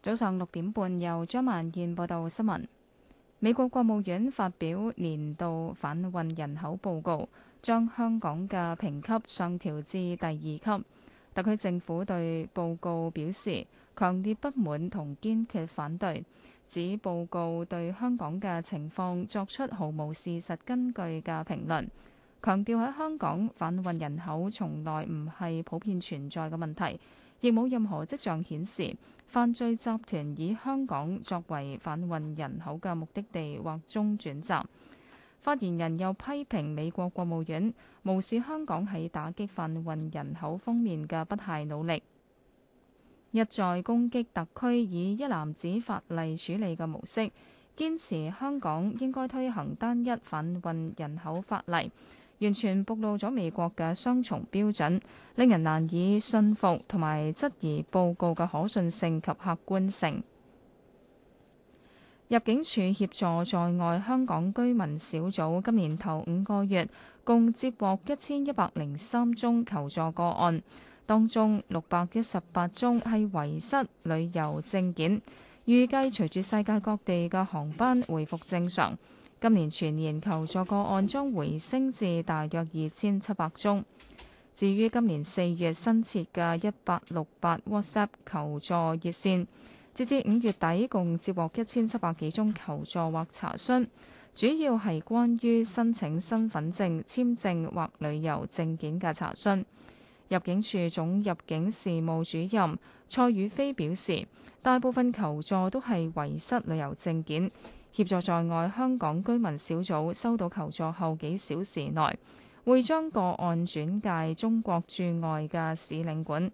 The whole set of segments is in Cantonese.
早上六點半，由張曼燕報道新聞。美國國務院發表年度販運人口報告，將香港嘅評級上調至第二級。特區政府對報告表示強烈不滿同堅決反對，指報告對香港嘅情況作出毫無事實根據嘅評論，強調喺香港販運人口從來唔係普遍存在嘅問題。亦冇任何跡象顯示犯罪集團以香港作為販運人口嘅目的地或中轉站。發言人又批評美國國務院無視香港喺打擊販運人口方面嘅不懈努力，一再攻擊特區以一男子法例處理嘅模式，堅持香港應該推行單一販運人口法例。完全暴露咗美國嘅雙重標準，令人難以信服，同埋質疑報告嘅可信性及客觀性。入境處協助在外香港居民小組今年頭五個月共接獲一千一百零三宗求助個案，當中六百一十八宗係遺失旅遊證件。預計隨住世界各地嘅航班回復正常，今年全年求助個案將回升至大約二千七百宗。至於今年四月新設嘅一八六八 WhatsApp 求助熱線，截至五月底共接獲一千七百幾宗求助或查詢，主要係關於申請身份證、簽證或旅遊證件嘅查詢。入境處總入境事務主任蔡宇飛表示，大部分求助都係遺失旅遊證件。協助在外香港居民小組收到求助後幾小時內會將個案轉介中國駐外嘅使領館，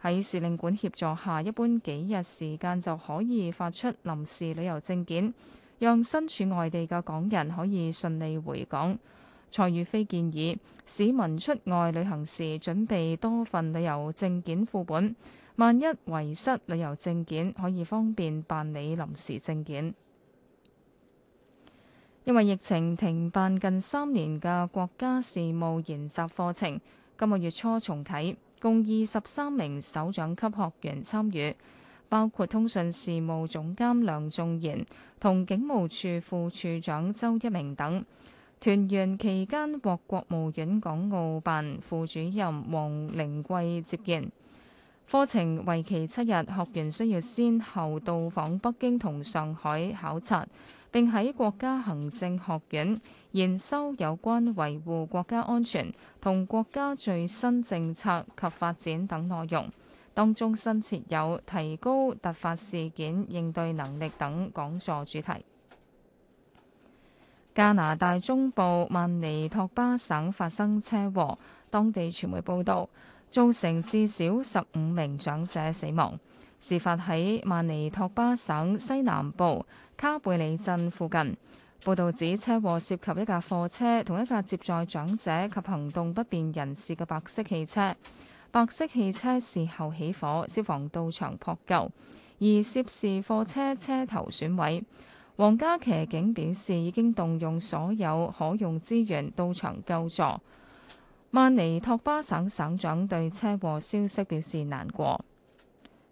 喺使領館協助下，一般幾日時間就可以發出臨時旅遊證件，讓身處外地嘅港人可以順利回港。蔡宇飛建議市民出外旅行時準備多份旅遊證件副本，萬一遺失旅遊證件，可以方便辦理臨時證件。因為疫情停辦近三年嘅國家事務研習課程，今個月初重啟，共二十三名首長級學員參與，包括通訊事務總監梁仲賢同警務處副處長周一鳴等。團員期間獲國務院港澳辦副主任王靈桂接見。課程為期七日，學員需要先後到訪北京同上海考察。並喺國家行政學院研修有關維護國家安全同國家最新政策及發展等內容，當中新設有提高突發事件應對能力等講座主題。加拿大中部曼尼托巴省發生車禍，當地傳媒報道造成至少十五名長者死亡。事發喺曼尼托巴省西南部。卡貝里鎮附近，報道指車禍涉及一架貨車同一架接載長者及行動不便人士嘅白色汽車。白色汽車事後起火，消防到場撲救，而涉事貨車車頭損毀。皇家騎警表示已經動用所有可用資源到場救助。曼尼托巴省省省長對車禍消息表示難過。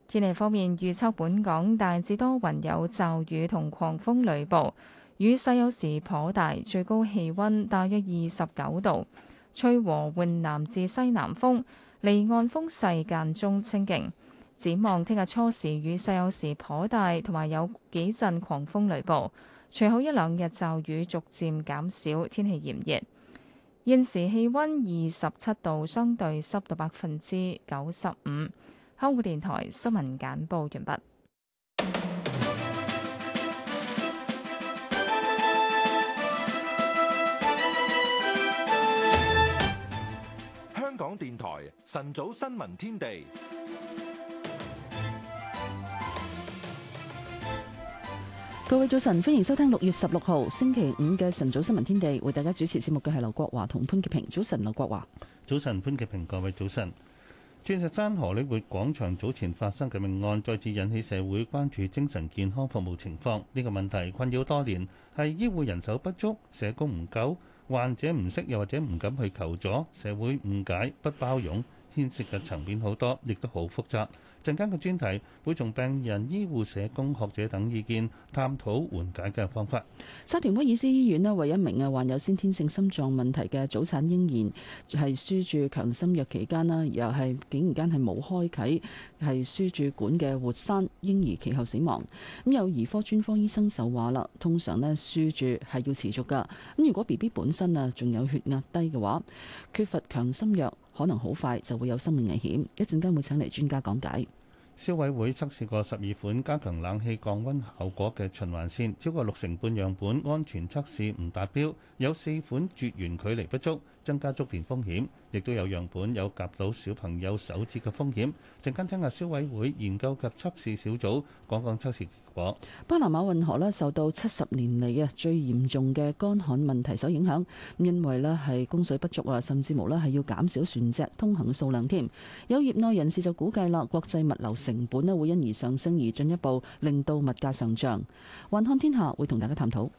天氣方面，預測本港大致多雲，有驟雨同狂風雷暴，雨勢有時頗大，最高氣溫大約二十九度，吹和緩南至西南風，離岸風勢間中清勁。展望聽日初時雨勢有時頗大，同埋有幾陣狂風雷暴，隨後一兩日驟雨逐漸減少，天氣炎熱。現時氣溫二十七度，相對濕度百分之九十五。香港電台新聞簡報完畢。香港電台晨早新聞天地，各位早晨，歡迎收聽六月十六號星期五嘅晨早新聞天地，為大家主持節目嘅係劉國華同潘潔平。早晨，劉國華。早晨，潘潔平。各位早晨。鑽石山荷里活廣場早前發生嘅命案，再次引起社會關注精神健康服務情況。呢個問題困擾多年，係醫護人手不足、社工唔夠、患者唔識又或者唔敢去求助、社會誤解、不包容，牽涉嘅層面好多，亦都好複雜。陣間嘅專題會從病人、醫護、社工、學者等意見探討緩解嘅方法。沙田威爾斯醫院咧，為一名啊患有先天性心臟問題嘅早產嬰兒，係輸注強心藥期間啦，又係竟然間係冇開啟係輸注管嘅活塞，嬰兒其後死亡。咁有兒科專科醫生就話啦，通常咧輸注係要持續噶。咁如果 B B 本身啊仲有血壓低嘅話，缺乏強心藥，可能好快就會有生命危險，一陣間會請嚟專家講解。消委會測試過十二款加強冷氣降溫效果嘅循環扇，超過六成半樣本安全測試唔達標，有四款絕緣距離不足。增加觸電風險，亦都有樣本有夾到小朋友手指嘅風險。陣間聽下消委會研究及測試小組講講測試結果。巴拿馬運河咧受到七十年嚟嘅最嚴重嘅乾旱問題所影響，因為咧係供水不足啊，甚至無啦係要減少船隻通行數量添。有業內人士就估計啦，國際物流成本咧會因而上升，而進一步令到物價上漲。環看天下會同大家探討。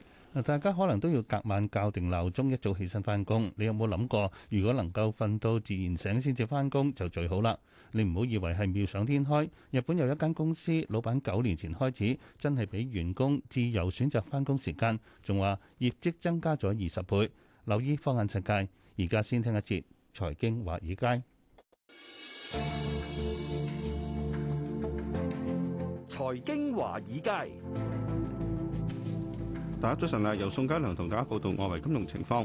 大家可能都要隔晚校定鬧鐘，一早起身翻工。你有冇諗過，如果能夠瞓到自然醒先至翻工，就最好啦。你唔好以為係妙想天開。日本有一間公司，老闆九年前開始，真係俾員工自由選擇翻工時間，仲話業績增加咗二十倍。留意放眼世界，而家先聽一節財經華爾街。財經華爾街。大家早晨啦！由宋嘉良同大家報道外圍金融情況。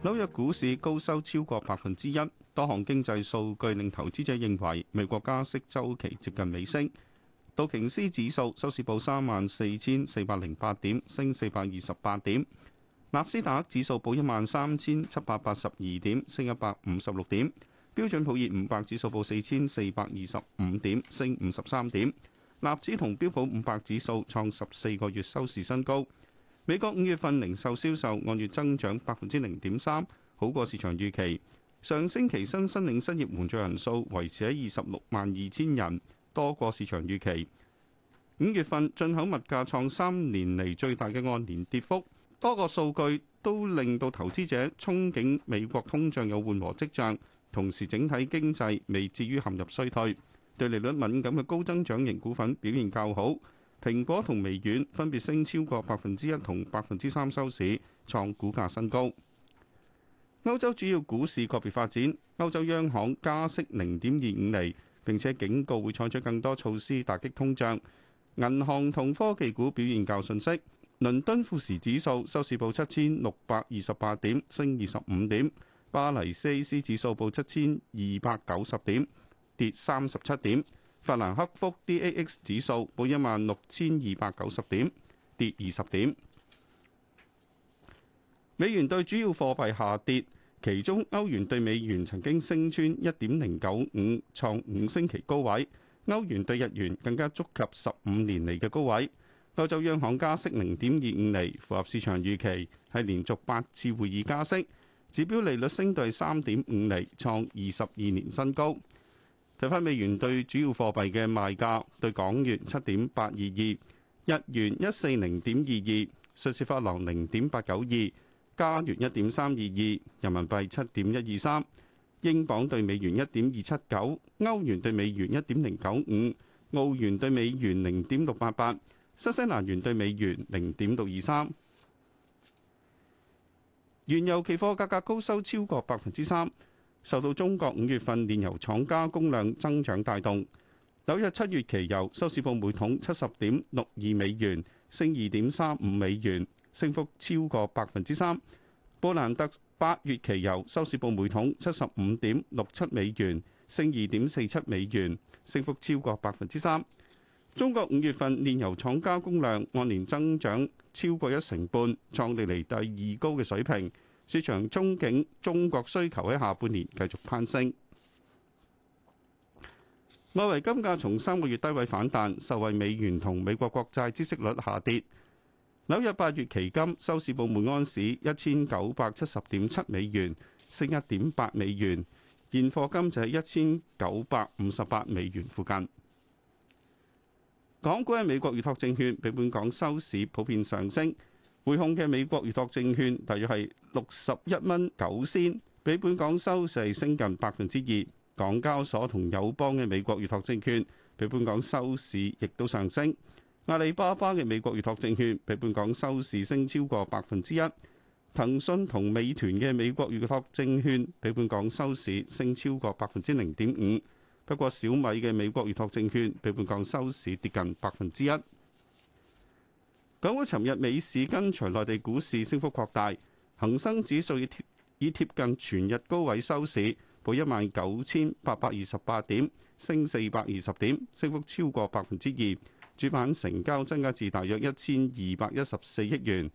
紐約股市高收超過百分之一，多項經濟數據令投資者認為美國加息周期接近尾聲。道瓊斯指數收市報三萬四千四百零八點，升四百二十八點。納斯達克指數報一萬三千七百八十二點，升一百五十六點。標準普爾五百指數報四千四百二十五點，升五十三點。納指同標普五百指數創十四個月收市新高。美國五月份零售銷售銷售按月增長百分之零點三，好過市場預期。上星期新申領失業援助人數維持喺二十六萬二千人，多過市場預期。五月份進口物價創三年嚟最大嘅按年跌幅，多個數據都令到投資者憧憬美國通脹有緩和跡象，同時整體經濟未至於陷入衰退。對利率敏感嘅高增長型股份表現較好。蘋果同微軟分別升超過百分之一同百分之三收市，創股價新高。歐洲主要股市個別發展，歐洲央行加息零點二五厘，並且警告會採取更多措施打擊通脹。銀行同科技股表現較遜色。倫敦富時指數收市報七千六百二十八點，升二十五點；巴黎 CAC 指數報七千二百九十點，跌三十七點。法蘭克福 DAX 指數報一萬六千二百九十點，跌二十點。美元對主要貨幣下跌，其中歐元對美元曾經升穿一點零九五，創五星期高位。歐元對日元更加觸及十五年嚟嘅高位。歐洲央行加息零點二五厘，符合市場預期，係連續八次會議加息，指標利率升到三點五厘，創二十二年新高。睇翻美元對主要貨幣嘅賣價，對港元七點八二二，日元一四零點二二，瑞士法郎零點八九二，加元一點三二二，人民幣七點一二三，英鎊對美元一點二七九，歐元對美元一點零九五，澳元對美元零點六八八，新西蘭元對美元零點六二三。原油期貨價格高收超過百分之三。受到中國五月份煉油廠加工量增長帶動，紐約七月期油收市報每桶七十點六二美元，升二點三五美元，升幅超過百分之三。布蘭特八月期油收市報每桶七十五點六七美元，升二點四七美元，升幅超過百分之三。中國五月份煉油廠加工量按年增長超過一成半，創歷嚟第二高嘅水平。市場憧憬中國需求喺下半年繼續攀升。外圍金價從三個月低位反彈，受惠美元同美國國債孳息率下跌。紐約八月期金收市報每安市一千九百七十點七美元，升一點八美元。現貨金就喺一千九百五十八美元附近。港股喺美國預託證券，比本港收市普遍上升。匯控嘅美國預託證券大約係六十一蚊九仙，比本港收市升近百分之二。港交所同友邦嘅美國預託證券比本港收市亦都上升。阿里巴巴嘅美國預託證券比本港收市升超過百分之一。騰訊同美團嘅美國預託證券比本港收市升超過百分之零點五。不過小米嘅美國預託證券比本港收市跌近百分之一。港股尋日美市跟隨內地股市升幅擴大，恒生指數已貼已貼近全日高位收市，報一萬九千八百二十八點，升四百二十點，升幅超過百分之二。主板成交增加至大約一千二百一十四億元。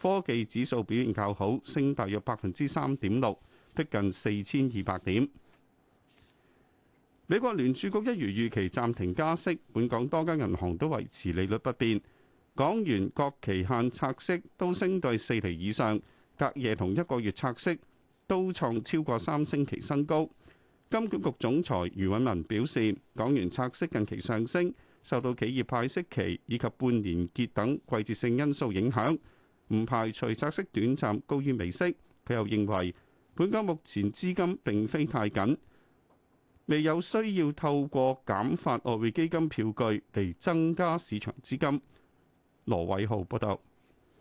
科技指數表現較好，升大約百分之三點六，逼近四千二百點。美國聯儲局一如預期暫停加息，本港多間銀行都維持利率不變。港元各期限拆息都升到四厘以上，隔夜同一個月拆息都創超過三星期新高。金管局總裁余允文表示，港元拆息近期上升，受到企業派息期以及半年結等季節性因素影響，唔排除拆息短暫高於美息。佢又認為本港目前資金並非太緊，未有需要透過減發外匯基金票據嚟增加市場資金。羅偉豪報道，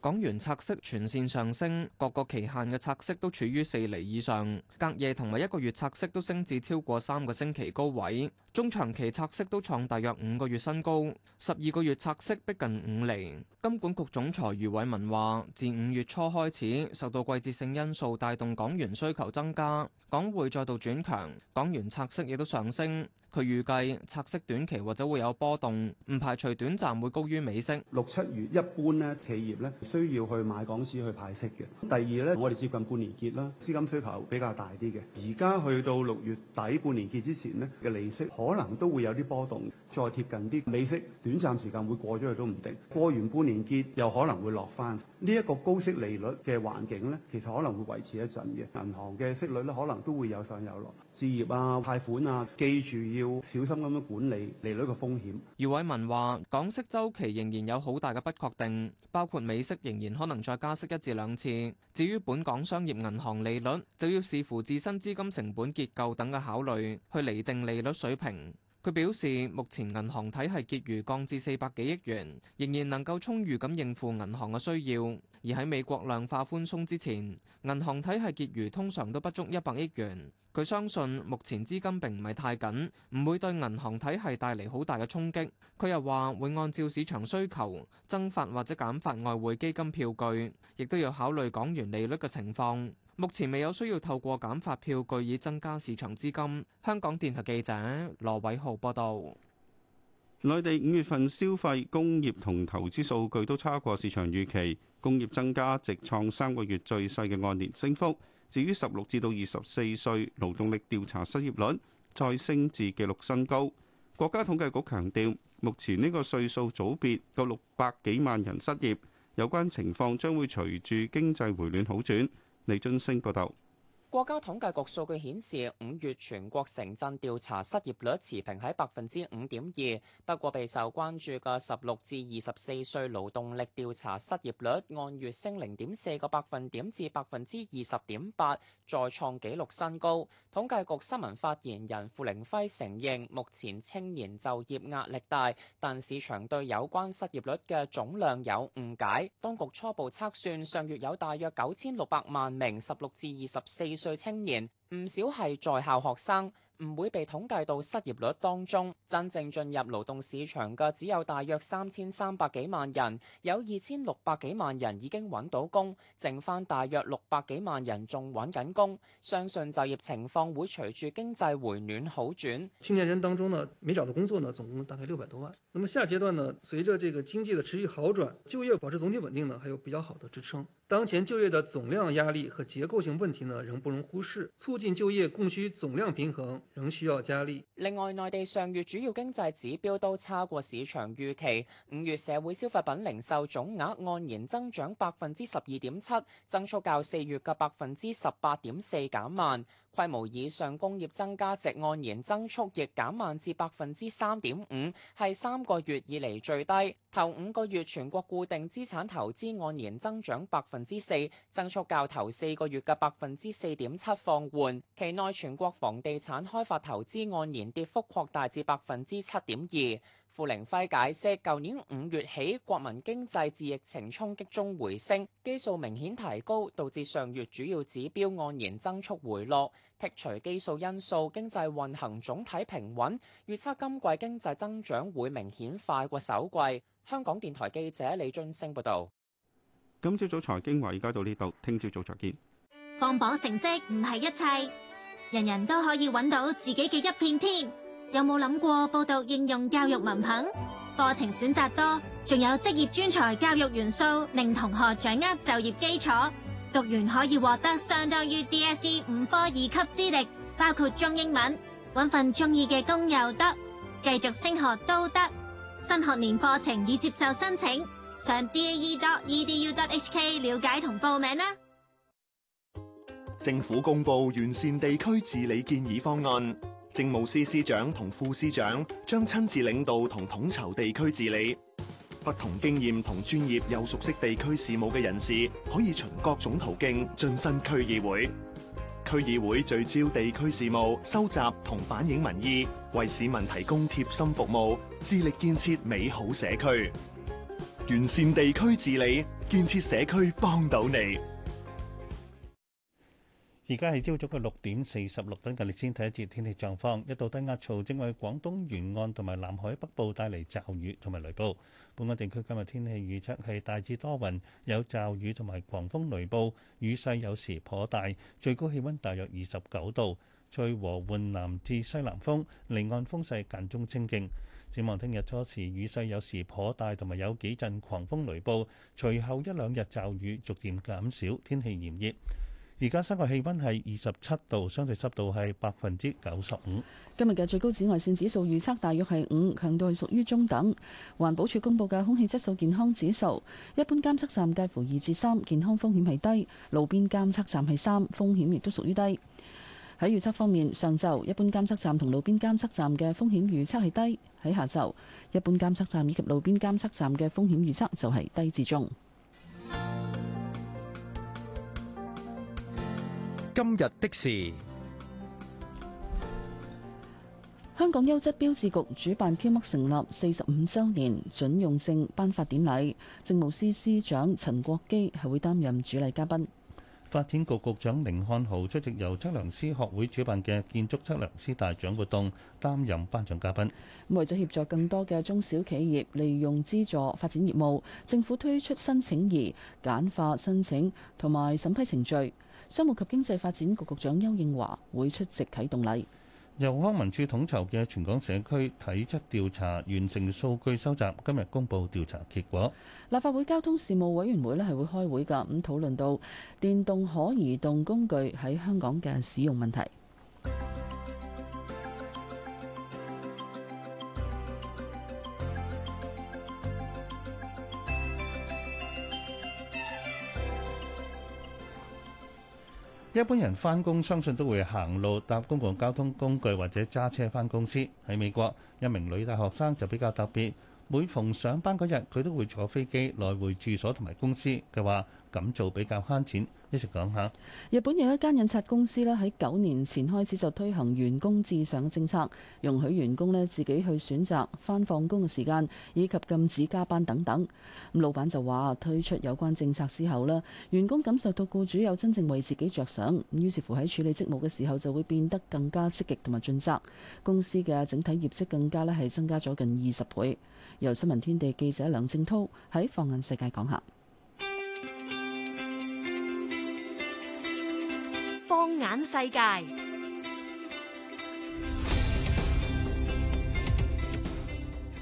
港元拆息全線上升，各個期限嘅拆息都處於四厘以上，隔夜同埋一個月拆息都升至超過三個星期高位，中長期拆息都創大約五個月新高，十二個月拆息逼近五厘。金管局總裁余偉文話，自五月初開始，受到季節性因素帶動港元需求增加，港匯再度轉強，港元拆息亦都上升。佢預計拆息短期或者會有波動，唔排除短暫會高於美息。六七月一般咧，企業咧需要去買港紙去派息嘅。第二咧，我哋接近半年結啦，資金需求比較大啲嘅。而家去到六月底半年結之前咧嘅利息，可能都會有啲波動。再貼近啲美息，短暫時間會過咗去都唔定，過完半年結又可能會落返。呢一個高息利率嘅環境呢，其實可能會維持一陣嘅銀行嘅息率呢，可能都會有上有落。置業啊、貸款啊，記住要小心咁樣管理利率嘅風險。余偉文話：港息周期仍然有好大嘅不確定，包括美息仍然可能再加息一至兩次。至於本港商業銀行利率，就要視乎自身資金成本結構等嘅考慮去厘定利率水平。佢表示，目前銀行體系結餘降至四百幾億元，仍然能夠充裕咁應付銀行嘅需要。而喺美國量化寬鬆之前，銀行體系結餘通常都不足一百億元。佢相信目前資金並唔係太緊，唔會對銀行體系帶嚟好大嘅衝擊。佢又話會按照市場需求增發或者減發外匯基金票據，亦都要考慮港元利率嘅情況。目前未有需要透過減發票據以增加市場資金。香港電台記者羅偉浩報道，內地五月份消費、工業同投資數據都差過市場預期，工業增加值創三個月最細嘅按年升幅。至於十六至到二十四歲勞動力調查失業率再升至記錄新高。國家統計局強調，目前呢個歲數組別有六百幾萬人失業，有關情況將會隨住經濟回暖好轉。李津升報道。 國家統計局數據顯示，五月全國城鎮調查失業率持平喺百分之五點二。不過，備受關注嘅十六至二十四歲勞動力調查失業率按月升零點四個百分點至百分之二十點八，再創紀錄新高。統計局新聞發言人傅玲輝承認，目前青年就業壓力大，但市場對有關失業率嘅總量有誤解。當局初步測算，上月有大約九千六百萬名十六至二十四歲青年唔少係在校學生，唔會被統計到失業率當中，真正進入勞動市場嘅只有大約三千三百幾萬人，有二千六百幾萬人已經揾到工，剩返大約六百幾萬人仲揾緊工。相信就業情況會隨住經濟回暖好轉。青年人當中呢，沒找到工作呢，總共大概六百多萬。那麼下階段呢，隨著這個經濟的持續好轉，就業保持總體穩定呢，還有比較好的支撐。當前就業的總量壓力和結構性問題呢，仍不容忽視，促進就業供需總量平衡。仍需要加力。另外，內地上月主要經濟指標都差過市場預期。五月社會消費品零售總額按年增長百分之十二點七，增速較四月嘅百分之十八點四減慢。規模以上工業增加值按年增速亦減慢至百分之三點五，係三個月以嚟最低。頭五個月全國固定資產投資按年增長百分之四，增速較頭四個月嘅百分之四點七放緩。期內全國房地產開發投資按年跌幅擴大至百分之七點二。傅靈輝解釋，舊年五月起，國民經濟自疫情衝擊中回升，基數明顯提高，導致上月主要指標按年增速回落。剔除基數因素，經濟運行總體平穩。預測今季經濟增長會明顯快過首季。香港電台記者李俊升報道。今朝早財經話而家到呢度，聽朝早再見。放榜成績唔係一切，人人都可以揾到自己嘅一片天。有冇諗過報讀應用教育文憑？課程選擇多，仲有職業專才教育元素，令同學掌握就業基礎。讀完可以獲得相當於 DSE 五科二級資歷，包括中英文。搵份中意嘅工又得，繼續升學都得。新學年課程已接受申請，上 DAE.edu.hk 了解同報名啦。政府公布完善地區治理建議方案。政務司司長同副司長將親自領導同統籌地區治理。不同經驗同專業又熟悉地區事務嘅人士，可以循各種途徑晉身區議會。區議會聚焦地區事務，收集同反映民意，為市民提供貼心服務，致力建設美好社區，完善地區治理，建設社區，幫到你。而家係朝早嘅六點四十六分，等緊你先睇一節天氣狀況。一道低壓槽正為廣東沿岸同埋南海北部帶嚟驟雨同埋雷暴。本港地區今日天氣預測係大致多雲，有驟雨同埋狂風雷暴，雨勢有時頗大，最高氣温大約二十九度，吹和緩南至西南風，離岸風勢間中清勁。展望聽日初時雨勢有時頗大，同埋有幾陣狂風雷暴，隨後一兩日驟雨逐漸減少，天氣炎熱。而家室外氣溫係二十七度，相對濕度係百分之九十五。今日嘅最高紫外線指數預測大約係五，強度係屬於中等。環保署公布嘅空氣質素健康指數，一般監測站介乎二至三，健康風險係低；路邊監測站係三，風險亦都屬於低。喺預測方面，上晝一般監測站同路邊監測站嘅風險預測係低；喺下晝，一般監測站以及路邊監測站嘅風險預測就係低至中。今日的事，香港優質標誌局主辦 Q 嘜，成立四十五周年准用證頒發典禮，政務司司長陳國基係會擔任主禮嘉賓。發展局局長甯漢豪出席由測量師學會主辦嘅建築測量師大獎活動，擔任頒獎嘉賓。咁為咗協助更多嘅中小企業利用資助發展業務，政府推出申請儀，簡化申請同埋審批程序。商務及經濟發展局局長邱應華會出席啟動禮。由康文署統籌嘅全港社區體質調查完成數據收集，今日公布調查結果。立法會交通事務委員會呢係會開會㗎，咁討論到電動可移動工具喺香港嘅使用問題。一般人返工相信都會行路、搭公共交通工具或者揸車返公司。喺美國，一名女大學生就比較特別。每逢上班嗰日，佢都會坐飛機來回住所同埋公司，嘅話，咁做比較慳錢。一直講一下。日本有一間印刷公司咧，喺九年前開始就推行員工至上嘅政策，容許員工咧，自己去選擇翻放工嘅時間以及禁止加班等等。咁老闆就話推出有關政策之後咧，員工感受到僱主有真正為自己着想，於是乎喺處理職務嘅時候就會變得更加積極同埋盡責。公司嘅整體業績更加咧，係增加咗近二十倍。由新聞天地記者梁正濤喺放眼世界講下，放眼世界。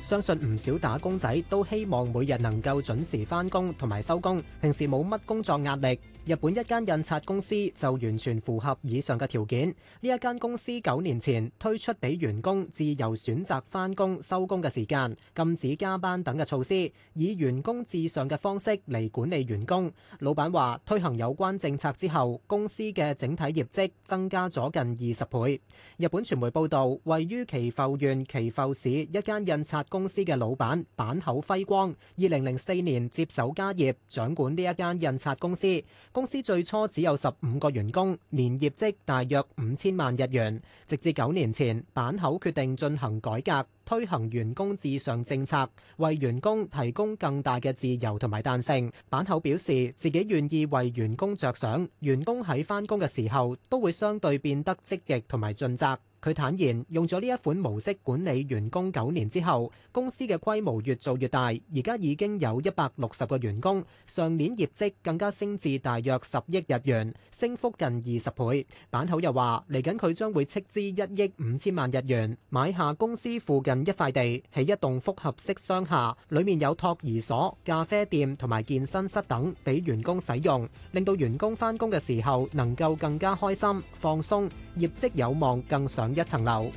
相信唔少打工仔都希望每日能夠準時翻工同埋收工，平時冇乜工作壓力。日本一間印刷公司就完全符合以上嘅條件。呢一間公司九年前推出俾員工自由選擇翻工收工嘅時間，禁止加班等嘅措施，以員工至上嘅方式嚟管理員工。老闆話推行有關政策之後，公司嘅整體業績增加咗近二十倍。日本傳媒報道，位於岐阜縣岐阜市一間印刷公公司嘅老闆板口輝光，二零零四年接手家業，掌管呢一間印刷公司。公司最初只有十五個員工，年業績大約五千萬日元。直至九年前，板口決定進行改革，推行員工至上政策，為員工提供更大嘅自由同埋彈性。板口表示自己願意為員工着想，員工喺翻工嘅時候都會相對變得積極同埋盡責。佢坦言用咗呢一款模式管理員工九年之後，公司嘅規模越做越大，而家已經有一百六十個員工。上年業績更加升至大約十億日元，升幅近二十倍。板頭又話，嚟緊佢將會斥資一億五千萬日元買下公司附近一塊地，起一棟複合式商廈，裏面有托兒所、咖啡店同埋健身室等，俾員工使用，令到員工翻工嘅時候能夠更加開心、放鬆，業績有望更上，一層樓。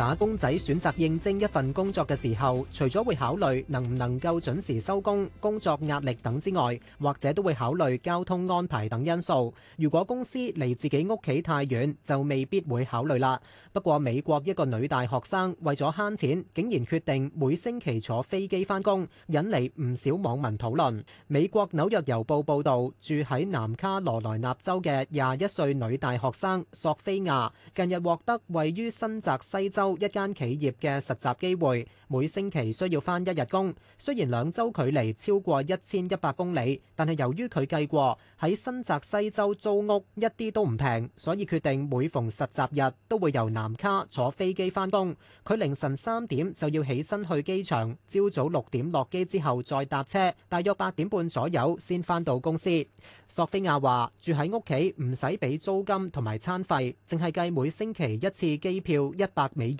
打工仔選擇應徵一份工作嘅時候，除咗會考慮能唔能夠準時收工、工作壓力等之外，或者都會考慮交通安排等因素。如果公司離自己屋企太遠，就未必會考慮啦。不過美國一個女大學生為咗慳錢，竟然決定每星期坐飛機返工，引嚟唔少網民討論。美國紐約郵報報導，住喺南卡羅來納州嘅廿一歲女大學生索菲亞，近日獲得位於新澤西州一間企業嘅實習機會，每星期需要返一日工。雖然兩周距離超過一千一百公里，但係由於佢計過喺新澤西州租屋一啲都唔平，所以決定每逢實習日都會由南卡坐飛機返工。佢凌晨三點就要起身去機場，朝早六點落機之後再搭車，大約八點半左右先返到公司。索菲亞話住喺屋企唔使俾租金同埋餐費，淨係計每星期一次機票一百美元。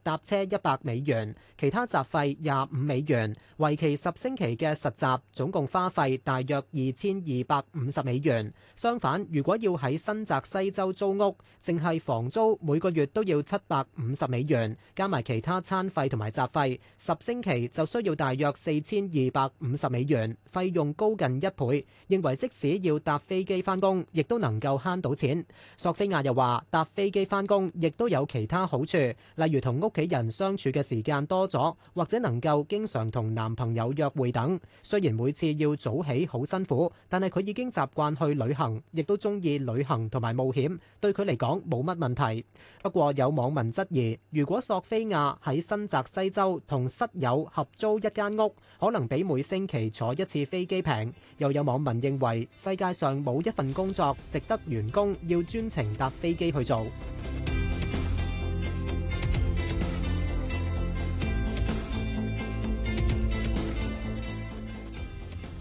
搭車一百美元，其他雜費廿五美元，為期十星期嘅實習總共花費大約二千二百五十美元。相反，如果要喺新澤西州租屋，淨係房租每個月都要七百五十美元，加埋其他餐費同埋雜費，十星期就需要大約四千二百五十美元，費用高近一倍。認為即使要搭飛機返工，亦都能夠慳到錢。索菲亞又話：搭飛機返工亦都有其他好處，例如同屋屋企人相處嘅時間多咗，或者能夠經常同男朋友約會等。雖然每次要早起好辛苦，但係佢已經習慣去旅行，亦都中意旅行同埋冒險，對佢嚟講冇乜問題。不過有網民質疑，如果索菲亞喺新澤西州同室友合租一間屋，可能比每星期坐一次飛機平。又有網民認為，世界上冇一份工作值得員工要專程搭飛機去做。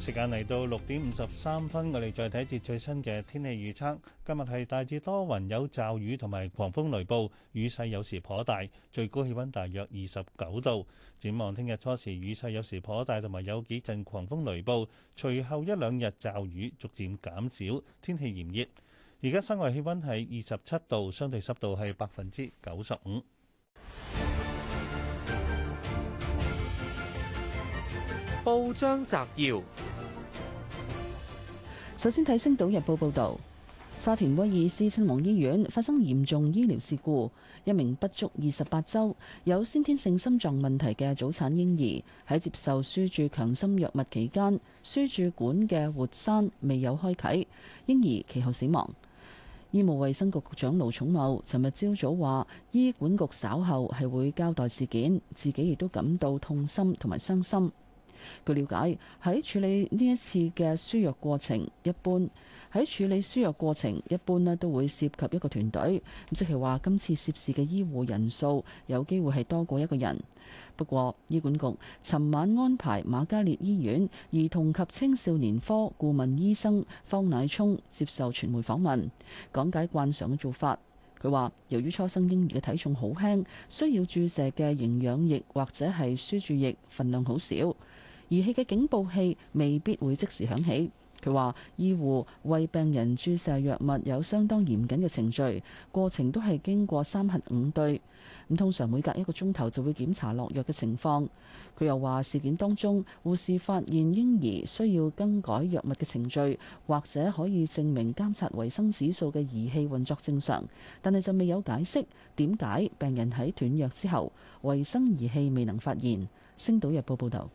時間嚟到六點五十三分，我哋再睇一節最新嘅天氣預測。今日係大致多雲，有驟雨同埋狂風雷暴，雨勢有時頗大，最高氣温大約二十九度。展望聽日初時，雨勢有時頗大，同埋有幾陣狂風雷暴，隨後一兩日驟雨逐漸減少，天氣炎熱。而家室外氣温係二十七度，相對濕度係百分之九十五。報章摘要：首先睇《星島日報》報道，沙田威爾斯親王醫院發生嚴重醫療事故，一名不足二十八周、有先天性心臟問題嘅早產嬰兒喺接受輸注強心藥物期間，輸注管嘅活塞未有開啟，嬰兒其後死亡。醫務衛生局局長盧寵茂尋日朝早話，醫管局稍後係會交代事件，自己亦都感到痛心同埋傷心。據了解，喺處理呢一次嘅輸藥過程一般喺處理輸藥過程一般咧，都會涉及一個團隊。咁即係話今次涉事嘅醫護人數有機會係多過一個人。不過，醫管局尋晚安排瑪嘉烈醫院兒童及青少年科顧問醫生方乃聰接受傳媒訪問，講解慣常嘅做法。佢話：由於初生嬰兒嘅體重好輕，需要注射嘅營養液或者係輸注液份量好少。儀器嘅警報器未必會即時響起。佢話：醫護為病人注射藥物有相當嚴謹嘅程序，過程都係經過三核五對。咁通常每隔一個鐘頭就會檢查落藥嘅情況。佢又話：事件當中，護士發現嬰兒需要更改藥物嘅程序，或者可以證明監察維生指數嘅儀器運作正常，但係就未有解釋點解病人喺斷藥之後，維生儀器未能發現。星島日報報道。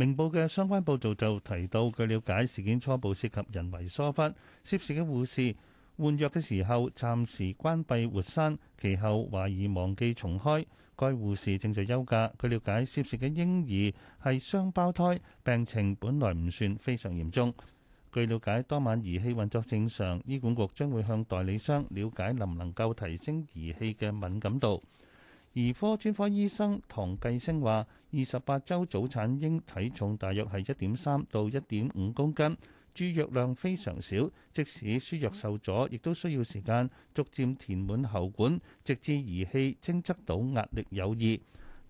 明報嘅相關報道就提到，據了解，事件初步涉及人為疏忽，涉事嘅護士換藥嘅時候暫時關閉活塞，其後懷疑忘記重開。該護士正在休假。據了解，涉事嘅嬰兒係雙胞胎，病情本來唔算非常嚴重。據了解，當晚儀器運作正常，醫管局將會向代理商了解能唔能夠提升儀器嘅敏感度。兒科專科醫生唐繼升話，二十八周早產嬰體重大約係一點三到一點五公斤，注藥量非常少，即使輸藥受阻，亦都需要時間逐漸填滿喉管，直至儀器偵測到壓力有異。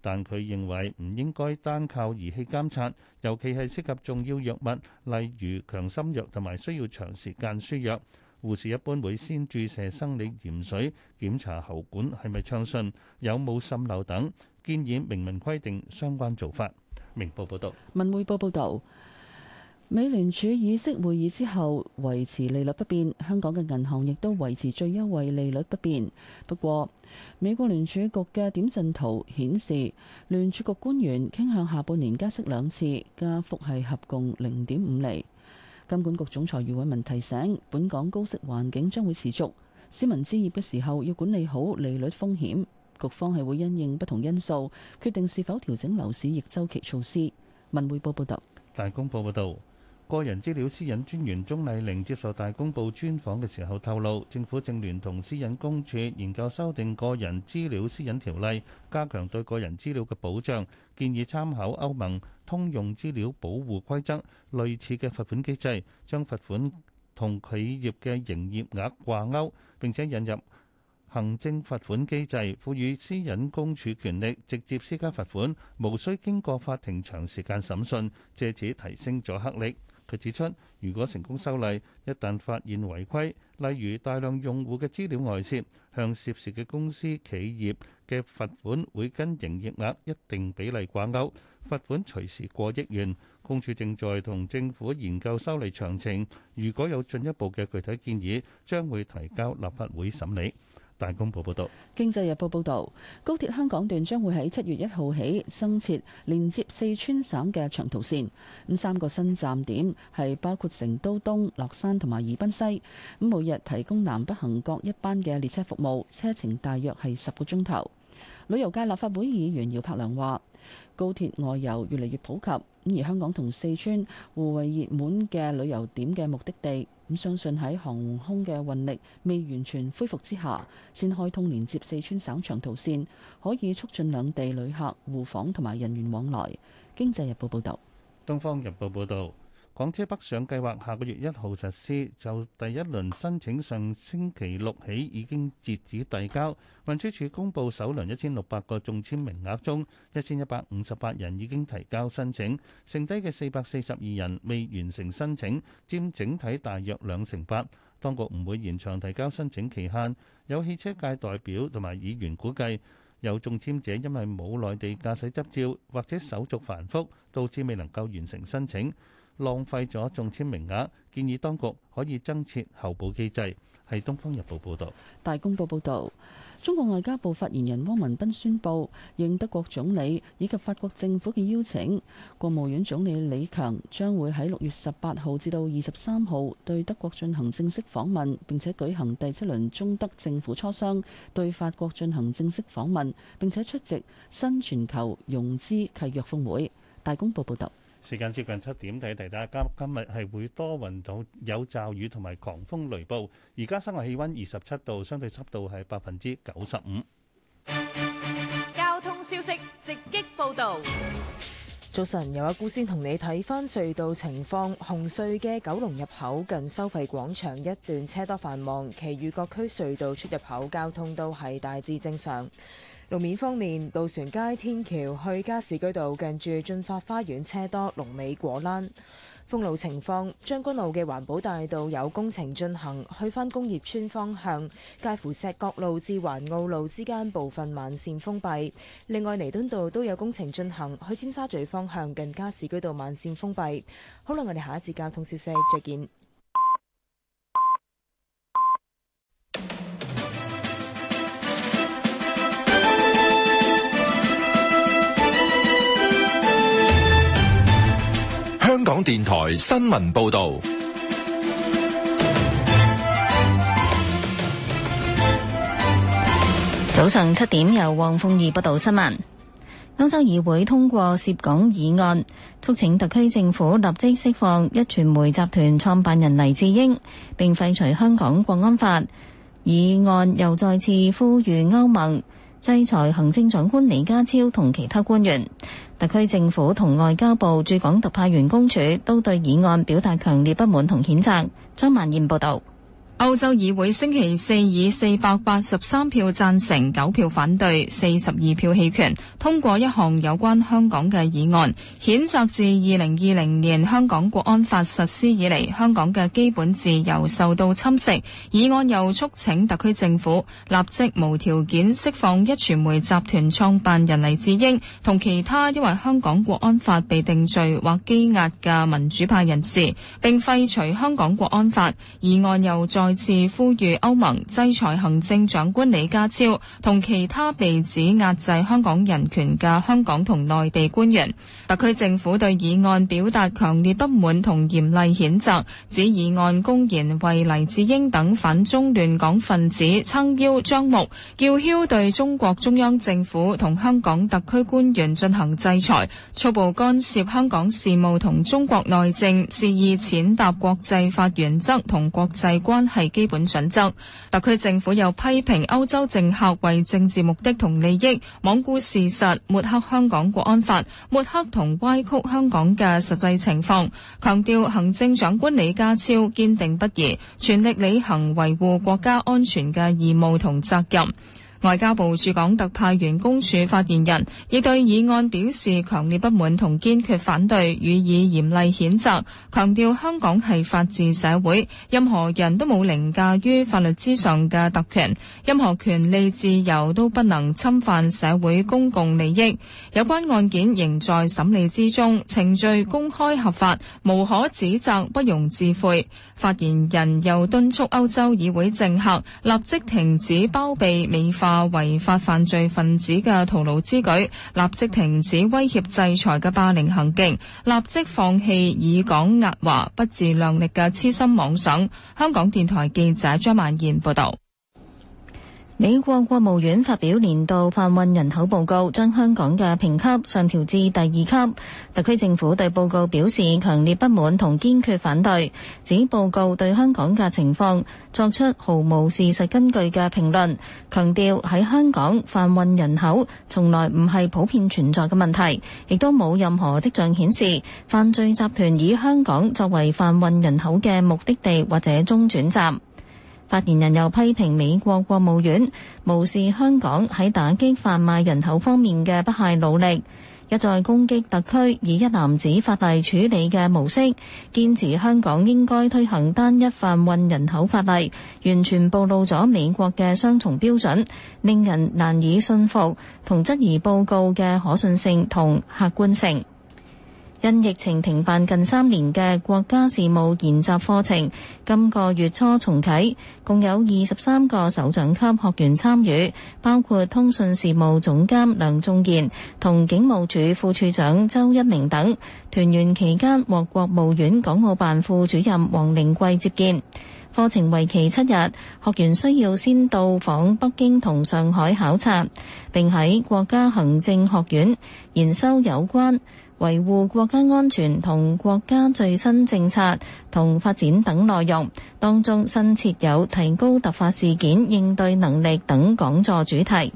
但佢認為唔應該單靠儀器監察，尤其係涉及重要藥物，例如強心藥同埋需要長時間輸藥。護士一般會先注射生理鹽水，檢查喉管係咪暢順，有冇滲漏等。建議明文規定相關做法。明報報道：「文匯報報道，美聯儲議息會議之後維持利率不變，香港嘅銀行亦都維持最優惠利率不變。不過，美國聯儲局嘅點陣圖顯示，聯儲局官員傾向下半年加息兩次，加幅係合共零點五厘。」金管局總裁余偉文提醒，本港高息環境將會持續，市民置業嘅時候要管理好利率風險。局方係會因應不同因素，決定是否調整樓市逆週期措施。文匯報報道，大公報報道。個人資料私隱專員鍾麗玲接受大公報專訪嘅時候透露，政府正聯同私隱公署研究修訂個人資料私隱條例，加強對個人資料嘅保障，建議參考歐盟通用資料保護規則類似嘅罰款機制，將罰款同企業嘅營業額掛鈎，並且引入行政罰款機制，賦予私隱公署權力直接施加罰款，無需經過法庭長時間審訊，藉此提升阻嚇力。佢指出，如果成功修例，一旦發現違規，例如大量用戶嘅資料外泄，向涉事嘅公司企業嘅罰款會跟營業額一定比例掛鈎，罰款隨時過億元。公署正在同政府研究修例詳情，如果有進一步嘅具體建議，將會提交立法會審理。大公報報道，《經濟日報》報道，高鐵香港段將會喺七月一號起增設連接四川省嘅長途線。咁三個新站點係包括成都東、樂山同埋宜賓西。咁每日提供南北行各一班嘅列車服務，車程大約係十個鐘頭。旅遊界立法會議員姚柏良話，高鐵外遊越嚟越普及，咁而香港同四川互為熱門嘅旅遊點嘅目的地。咁相信喺航空嘅運力未完全恢復之下，先開通連接四川省長途線，可以促進兩地旅客互訪同埋人員往來。經濟日報報道。東方日報報道。港車北上計劃下個月一號實施，就第一輪申請，上星期六起已經截止遞交。運輸署公布首輪一千六百個中籤名額中，一千一百五十八人已經提交申請，剩低嘅四百四十二人未完成申請，佔整體大約兩成八。當局唔會延長提交申請期限。有汽車界代表同埋議員估計，有中籤者因為冇內地駕駛執照或者手續繁複，導致未能夠完成申請。浪費咗中簽名額，建議當局可以增設候補機制。係《東方日報》報導。《大公報》報導，中國外交部發言人汪文斌宣布，應德國總理以及法國政府嘅邀請，國務院總理李強將會喺六月十八號至到二十三號對德國進行正式訪問，並且舉行第七輪中德政府磋商；對法國進行正式訪問，並且出席新全球融資契約峰會。大公報報導。時間接近七點，睇睇大家今日係會多雲到有驟雨同埋狂風雷暴。而家室外氣溫二十七度，相對濕度係百分之九十五。交通消息直擊報導，早晨，由阿姑先同你睇返隧道情況。紅隧嘅九龍入口近收費廣場一段車多繁忙，其餘各區隧道出入口交通都係大致正常。路面方面，渡船街天橋去加士居道近住駿發花園車多，龍尾果欄。封路情況：將軍澳嘅環保大道有工程進行，去返工業村方向；介乎石角路至環澳路之間部分慢綫封閉。另外，彌敦道都有工程進行，去尖沙咀方向近加士居道慢綫封閉。好啦，我哋下一節交通消息再見。香港電台新聞報道：早上七點，由黃鳳儀報道新聞。歐洲議會通過涉港議案，促請特區政府立即釋放一傳媒集團創辦人黎智英，並廢除香港國安法。議案又再次呼籲歐盟制裁行政長官李家超同其他官員。特區政府同外交部駐港特派員公署都對議案表達強烈不滿同譴責。張萬燕報導。歐洲議會星期四以四百八十三票贊成、九票反對、四十二票棄權，通過一項有關香港嘅議案，譴責自二零二零年香港國安法實施以嚟，香港嘅基本自由受到侵蝕。議案又促請特區政府立即無條件釋放一傳媒集團創辦人黎智英同其他因為香港國安法被定罪或羈押嘅民主派人士，並廢除香港國安法。議案又再。再次呼籲歐盟制裁行政長官李家超同其他被指壓制香港人權嘅香港同內地官員。特區政府對議案表達強烈不滿同嚴厲譴責，指議案公然為黎智英等反中亂港分子撐腰張目，叫囂對中國中央政府同香港特區官員進行制裁，粗暴干涉香港事務同中國內政，肆意踐踏國際法原則同國際關係。係基本準則。特區政府又批評歐洲政客為政治目的同利益，罔顧事實，抹黑香港國安法，抹黑同歪曲香港嘅實際情況，強調行政長官李家超堅定不移，全力履行維護國家安全嘅義務同責任。外交部駐港特派員公署發言人已對議案表示強烈不滿同堅決反對，予以嚴厲譴責，強調香港係法治社會，任何人都冇凌駕於法律之上嘅特權，任何權利自由都不能侵犯社會公共利益。有關案件仍在審理之中，程序公開合法，無可指責，不容置喙。發言人又敦促歐洲議會政客立即停止包庇美法。啊違法犯罪分子嘅徒勞之舉，立即停止威脅制裁嘅霸凌行徑，立即放棄以港壓華、不自量力嘅痴心妄想。香港電台記者張曼燕報道。美國國務院發表年度販運人口報告，將香港嘅評級上調至第二級。特區政府對報告表示強烈不滿同堅決反對，指報告對香港嘅情況作出毫無事實根據嘅評論，強調喺香港販運人口從來唔係普遍存在嘅問題，亦都冇任何跡象顯示犯罪集團以香港作為販運人口嘅目的地或者中轉站。發言人又批評美國國務院無視香港喺打擊販賣人口方面嘅不懈努力，一再攻擊特區以一籃子法例處理嘅模式，堅持香港應該推行單一販運人口法例，完全暴露咗美國嘅雙重標準，令人難以信服，同質疑報告嘅可信性同客觀性。因疫情停辦近三年嘅國家事務研習課程，今個月初重啟，共有二十三個首長級學員參與，包括通訊事務總監梁仲賢同警務處副處長周一鳴等。團員期間獲國務院港澳辦副主任王靈桂接見。課程為期七日，學員需要先到訪北京同上海考察，並喺國家行政學院研修有關。維護國家安全同國家最新政策同發展等內容，當中新設有提高突發事件應對能力等講座主題。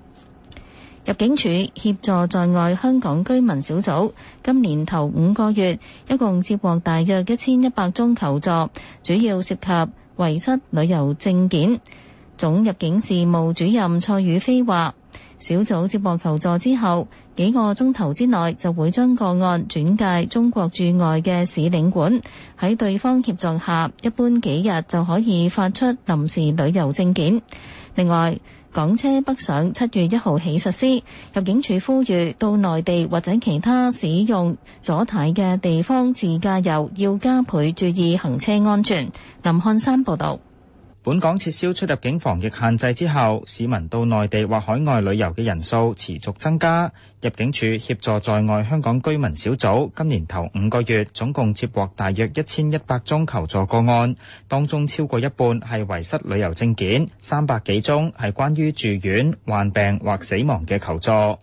入境處協助在外香港居民小組，今年頭五個月一共接獲大約一千一百宗求助，主要涉及遺失旅遊證件。總入境事務主任蔡宇飛話：小組接獲求助之後。幾個鐘頭之內就會將個案轉介中國駐外嘅使領館，喺對方協助下，一般幾日就可以發出臨時旅遊證件。另外，港車北上七月一號起實施，入境處呼籲到內地或者其他使用左軚嘅地方自駕遊，要加倍注意行車安全。林漢山報道。本港撤銷出入境防疫限制之後，市民到內地或海外旅遊嘅人數持續增加。入境處協助在外香港居民小組，今年頭五個月總共接獲大約一千一百宗求助個案，當中超過一半係遺失旅遊證件，三百幾宗係關於住院、患病或死亡嘅求助。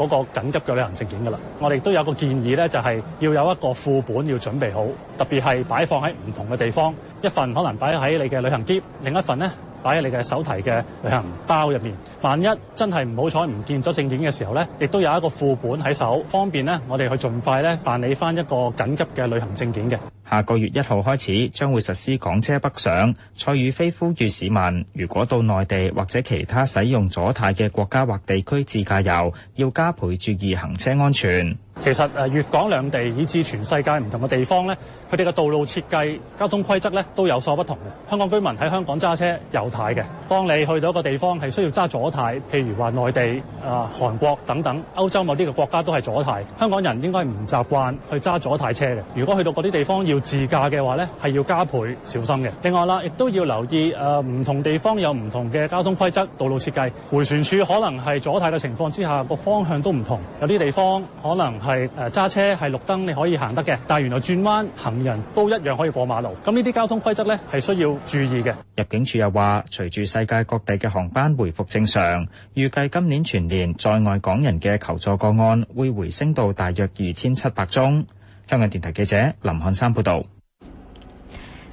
嗰個緊急嘅旅行證件㗎啦，我哋都有個建議呢，就係要有一個副本要準備好，特別係擺放喺唔同嘅地方，一份可能擺喺你嘅旅行機，另一份呢擺喺你嘅手提嘅旅行包入面。萬一真係唔好彩唔見咗證件嘅時候呢，亦都有一個副本喺手，方便呢我哋去盡快呢辦理返一個緊急嘅旅行證件嘅。下個月一號開始，將會實施港車北上。蔡宇飛呼籲市民，如果到內地或者其他使用左駕嘅國家或地區自駕遊，要加倍注意行車安全。其實誒粵港兩地以至全世界唔同嘅地方咧，佢哋嘅道路設計、交通規則咧都有所不同嘅。香港居民喺香港揸車右駕嘅，當你去到一個地方係需要揸左駕，譬如話內地、啊、呃、韓國等等、歐洲某啲嘅國家都係左駕，香港人應該唔習慣去揸左駕車嘅。如果去到嗰啲地方要自駕嘅話咧，係要加倍小心嘅。另外啦，亦都要留意誒唔同地方有唔同嘅交通規則、道路設計、迴旋處可能係左軚嘅情況之下，個方向都唔同。有啲地方可能係誒揸車係綠燈你可以行得嘅，但係原來轉彎行人都一樣可以過馬路。咁呢啲交通規則咧係需要注意嘅。入境處又話，隨住世界各地嘅航班回復正常，預計今年全年在外港人嘅求助個案會回升到大約二千七百宗。香港電台記者林漢山報道。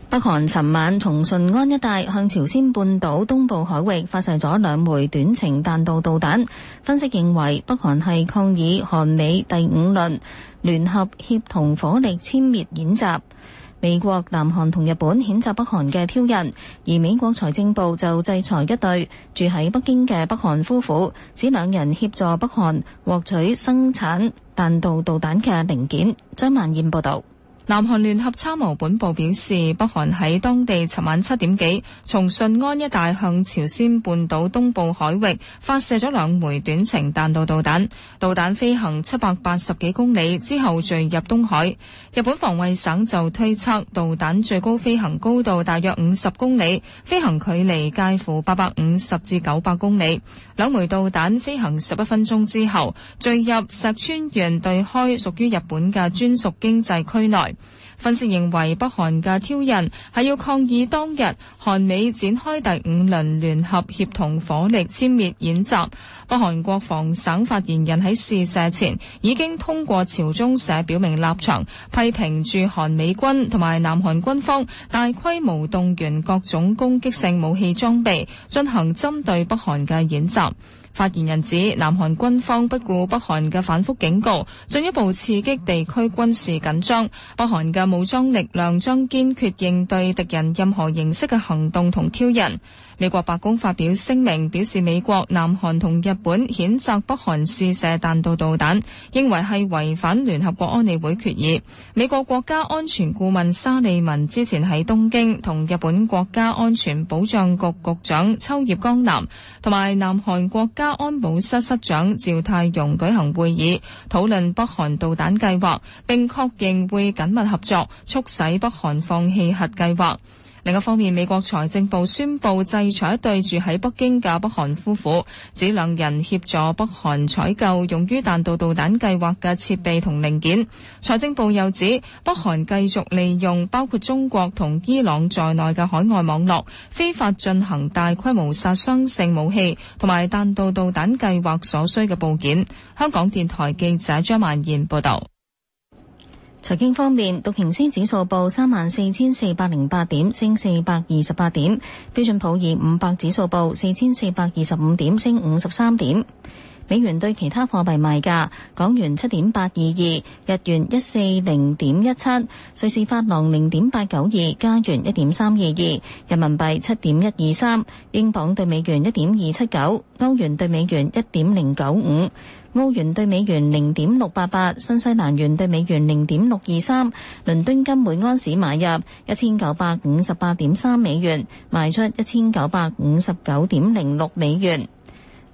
北韓尋晚從順安一帶向朝鮮半島東部海域發射咗兩枚短程彈道導彈，分析認為北韓係抗議韓美第五輪聯合協同火力殲滅演習。美國、南韓同日本譴責北韓嘅挑釁，而美國財政部就制裁一對住喺北京嘅北韓夫婦，指兩人協助北韓獲取生產彈道導彈嘅零件。張曼燕報導。南韓聯合參謀本部表示，北韓喺當地尋晚七點幾，從順安一帶向朝鮮半島東部海域發射咗兩枚短程彈道導彈，導彈飛行七百八十幾公里之後墜入東海。日本防衛省就推測，導彈最高飛行高度大約五十公里，飛行距離介乎八百五十至九百公里。兩枚導彈飛行十一分鐘之後墜入石川縣對開屬於日本嘅專屬經濟區內。分析認為，北韓嘅挑釁係要抗議當日韓美展開第五輪聯合協同火力殲滅演習。北韓國防省發言人喺試射前已經通過朝中社表明立場，批評駐韓美軍同埋南韓軍方大規模動員各種攻擊性武器裝備進行針對北韓嘅演習。發言人指，南韓軍方不顧北韓嘅反覆警告，進一步刺激地區軍事緊張。北韓嘅武裝力量將堅決應對敵人任何形式嘅行動同挑釁。美國白宮發表聲明，表示美國、南韓同日本譴責北韓試射彈道導彈，認為係違反聯合國安理會決議。美國國家安全顧問沙利文之前喺東京同日本國家安全保障局局長秋葉剛男，同埋南韓國家安保室室長趙泰容舉行會議，討論北韓導彈計劃，並確認會緊密合作，促使北韓放棄核計劃。另一方面，美國財政部宣布制裁一對住喺北京嘅北韓夫婦，指兩人協助北韓採購用於彈道導彈計劃嘅設備同零件。財政部又指，北韓繼續利用包括中國同伊朗在內嘅海外網絡，非法進行大規模殺傷性武器同埋彈道導彈計劃所需嘅部件。香港電台記者張曼燕報道。財經方面，道瓊斯指數報三萬四千四百零八點，升四百二十八點；標準普爾五百指數報四千四百二十五點，升五十三點。美元對其他貨幣賣價：港元七點八二二，日元一四零點一七，瑞士法郎零點八九二，加元一點三二二，人民幣七點一二三，英鎊對美元一點二七九，歐元對美元一點零九五。歐元對美元零點六八八，新西蘭元對美元零點六二三，倫敦金每安士買入一千九百五十八點三美元，賣出一千九百五十九點零六美元。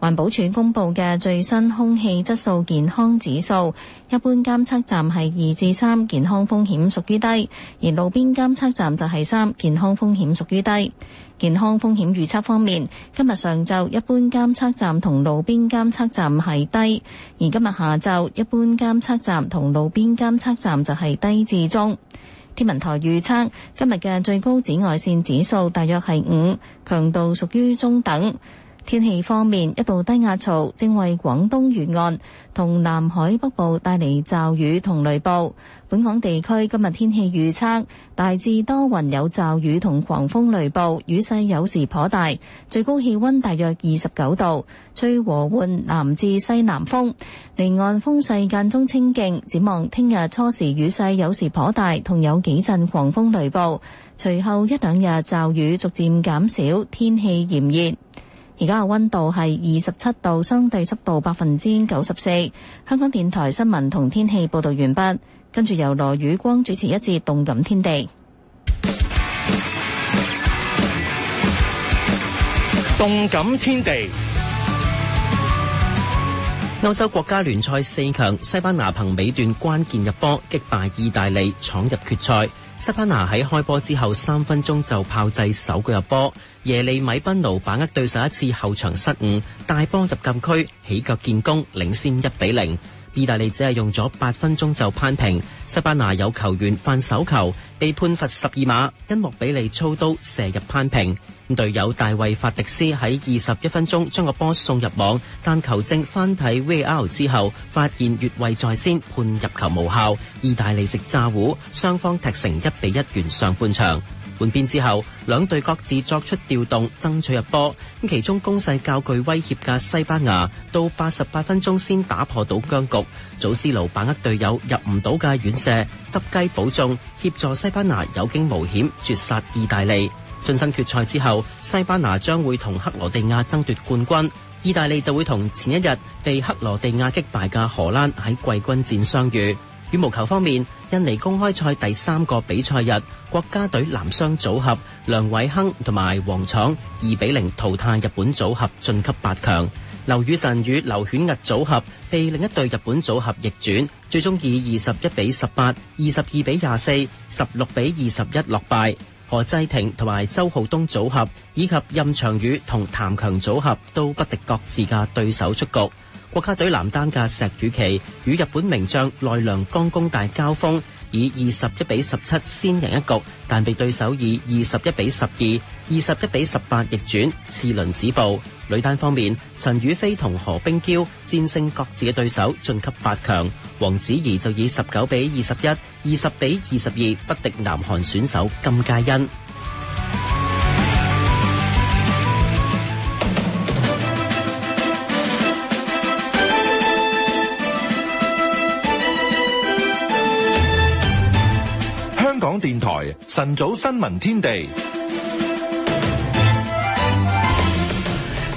環保署公布嘅最新空氣質素健康指數，一般監測站係二至三，健康風險屬於低；而路邊監測站就係三，健康風險屬於低。健康風險預測方面，今日上晝一般監測站同路邊監測站係低，而今日下晝一般監測站同路邊監測站就係低至中。天文台預測，今日嘅最高紫外線指數大約係五，強度屬於中等。天氣方面，一道低壓槽正為廣東沿岸同南海北部帶嚟驟雨同雷暴。本港地區今日天氣預測大致多雲，有驟雨同狂風雷暴，雨勢有時頗大，最高氣溫大約二十九度，吹和緩南至西南風。離岸風勢間中清勁，展望聽日初時雨勢有時頗大，同有幾陣狂風雷暴。隨後一兩日驟雨逐漸減少，天氣炎熱。而家嘅溫度係二十七度，相對濕度百分之九十四。香港電台新聞同天氣報道完畢，跟住由羅宇光主持一節動感天地。動感天地。歐洲國家聯賽四強，西班牙憑尾段關鍵入波擊敗意大利，闖入決賽。西班牙喺開波之後三分鐘就炮製首個入波，耶利米賓奴把握對手一次後場失誤，帶波入禁區，起腳建功，領先一比零。意大利只係用咗八分鐘就攀平，西班牙有球員犯手球被判罰十二碼，因莫比利操刀射入攀平。咁隊友大衛法迪斯喺二十一分鐘將個波送入網，但球證翻睇 VAR 之後發現越位在先，判入球無效。意大利食炸糊，雙方踢成一比一完上半場。換邊之後，兩隊各自作出調動，爭取入波。咁其中攻勢較具威脅嘅西班牙，到八十八分鐘先打破到僵局。祖斯盧把握隊友入唔到嘅遠射，執雞保中，協助西班牙有驚無險絕殺意大利。晉身決賽之後，西班牙將會同克羅地亞爭奪冠軍，意大利就會同前一日被克羅地亞擊敗嘅荷蘭喺季軍戰相遇。羽毛球方面，印尼公開賽第三個比賽日，國家隊男雙組合梁偉鏗同埋王昶2比0淘汰日本組合，晉級八強。劉雨辰與劉烜屹組合被另一對日本組合逆轉，最終以21比18、22比24、16比21落敗。何濟霆同埋周昊東組合以及任翔宇同譚強組合都不敵各自嘅對手出局。國家隊男單嘅石宇奇與日本名將奈良岡功大交鋒，以二十一比十七先贏一局，但被對手以二十一比十二、二十一比十八逆轉，次輪止步。女單方面，陳雨菲同何冰嬌戰勝各自嘅對手晉級八強，王祉怡就以十九比二十一、二十比二十二不敵南韓選手金佳恩。晨早新聞天地，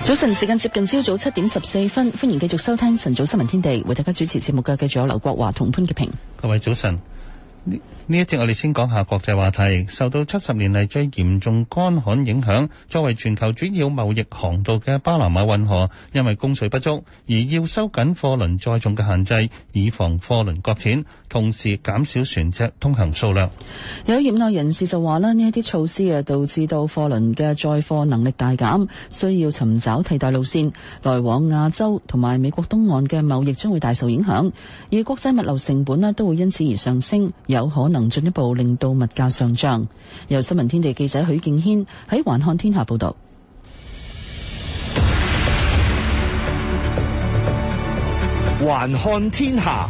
早晨時間接近朝早七點十四分，歡迎繼續收聽晨早新聞天地。為大家主持節目嘅繼續有劉國華同潘潔平。各位早晨，呢一節我哋先講下國際話題。受到七十年嚟最嚴重乾旱影響，作為全球主要貿易航道嘅巴拿馬運河，因為供水不足，而要收緊貨輪載重嘅限制，以防貨輪擱淺。同時減少船隻通行數量，有業內人士就話啦，呢一啲措施啊，導致到貨輪嘅載貨能力大減，需要尋找替代路線，來往亞洲同埋美國東岸嘅貿易將會大受影響，而國際物流成本咧都會因此而上升，有可能進一步令到物價上漲。由新聞天地記者許敬軒喺環看天下報道。環看天下。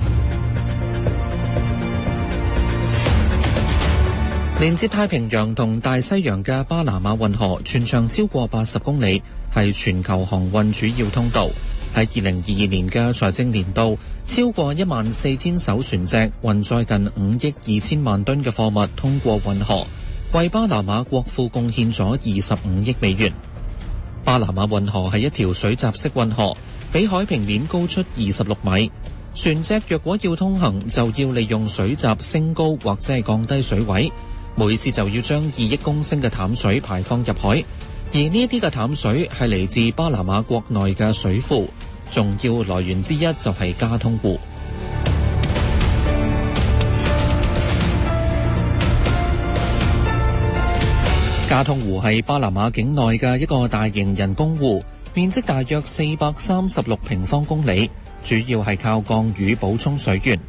連接太平洋同大西洋嘅巴拿馬運河，全長超過八十公里，係全球航運主要通道。喺二零二二年嘅財政年度，超過一萬四千艘船隻運載近五億二千萬噸嘅貨物通過運河，為巴拿馬國庫貢獻咗二十五億美元。巴拿馬運河係一條水閘式運河，比海平面高出二十六米。船隻若果要通行，就要利用水閘升高或者降低水位。每次就要將二億公升嘅淡水排放入海，而呢啲嘅淡水係嚟自巴拿馬國內嘅水庫，重要來源之一就係加通湖。加通湖係巴拿馬境內嘅一個大型人工湖，面積大約四百三十六平方公里，主要係靠降雨補充水源。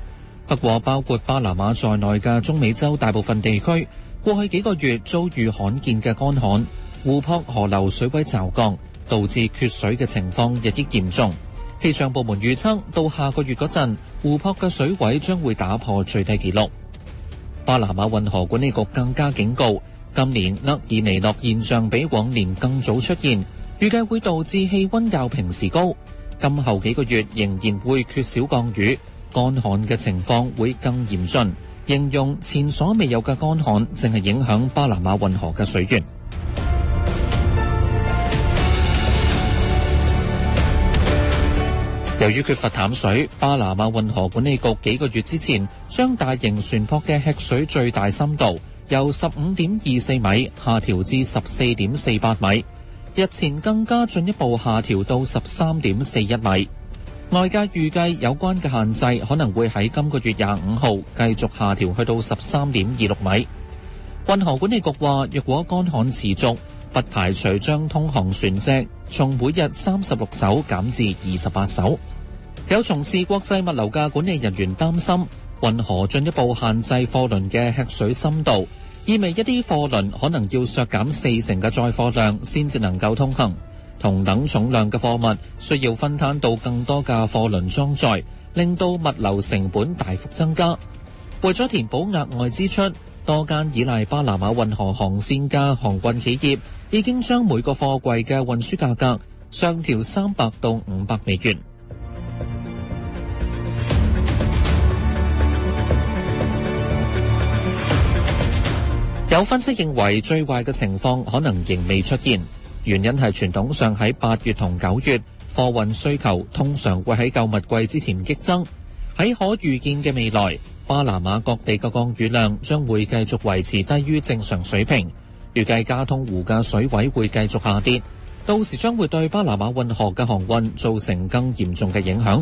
不過，包括巴拿馬在內嘅中美洲大部分地區，過去幾個月遭遇罕見嘅乾旱，湖泊、河流水位驟降，導致缺水嘅情況日益嚴重。氣象部門預測，到下個月嗰陣，湖泊嘅水位將會打破最低紀錄。巴拿馬運河管理局更加警告，今年厄爾尼諾現象比往年更早出現，預計會導致氣温較平時高。今後幾個月仍然會缺少降雨。乾旱嘅情況會更嚴峻，形容前所未有嘅乾旱正係影響巴拿馬運河嘅水源。由於缺乏淡水，巴拿馬運河管理局幾個月之前將大型船舶嘅吃水最大深度由十五點二四米下調至十四點四八米，日前更加進一步下調到十三點四一米。外界預計有關嘅限制可能會喺今個月廿五號繼續下調，去到十三點二六米。運河管理局話，若果乾旱持續，不排除將通航船隻從每日三十六艘減至二十八艘。有從事國際物流嘅管理人員擔心，運河進一步限制貨輪嘅吃水深度，意味一啲貨輪可能要削減四成嘅載貨量，先至能夠通行。同等重量嘅貨物需要分攤到更多架貨輪裝載，令到物流成本大幅增加。為咗填補額外支出，多間依賴巴拿馬運河航綫嘅航運企業已經將每個貨櫃嘅運輸價格上調三百到五百美元。有分析認為，最壞嘅情況可能仍未出現。原因係傳統上喺八月同九月，貨運需求通常會喺購物季之前激增。喺可預見嘅未來，巴拿馬各地嘅降雨量將會繼續維持低於正常水平，預計加通湖嘅水位會繼續下跌，到時將會對巴拿馬運河嘅航運造成更嚴重嘅影響。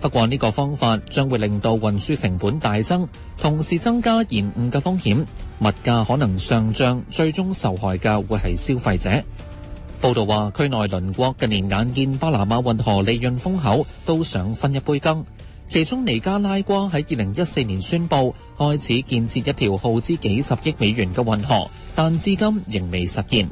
不過呢個方法將會令到運輸成本大增，同時增加延誤嘅風險，物價可能上漲，最終受害嘅會係消費者。報道話，區內鄰國近年眼見巴拿馬運河利潤豐厚，都想分一杯羹。其中尼加拉瓜喺二零一四年宣布開始建設一條耗資幾十億美元嘅運河，但至今仍未實現。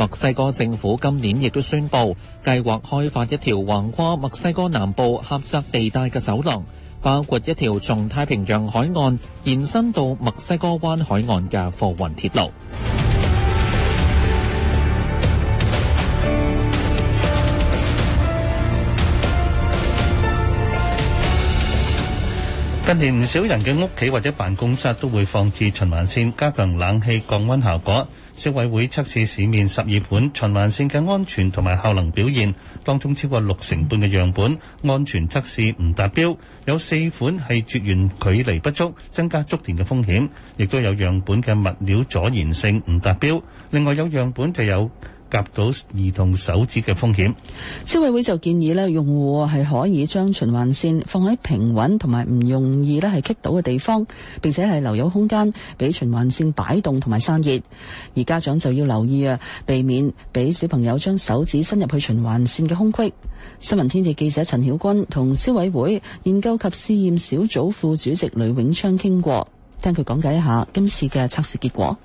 墨西哥政府今年亦都宣布，計劃開發一條橫跨墨西哥南部狹窄地帶嘅走廊，包括一條從太平洋海岸延伸到墨西哥灣海岸嘅貨運鐵路。近年唔少人嘅屋企或者辦公室都會放置循環扇，加強冷氣降溫效果。消委會測試市面十二款循環線嘅安全同埋效能表現，當中超過六成半嘅樣本安全測試唔達標，有四款係絕緣距離不足，增加觸電嘅風險，亦都有樣本嘅物料阻燃性唔達標，另外有樣本就有。夾到兒童手指嘅風險，消委會就建議咧，用戶係可以將循環線放喺平穩同埋唔容易咧係棘到嘅地方，並且係留有空間俾循環線擺動同埋散熱，而家長就要留意啊，避免俾小朋友將手指伸入去循環線嘅空隙。新聞天地記者陳曉君同消委會研究及試驗小組副主席呂永昌傾過，聽佢講解一下今次嘅測試結果。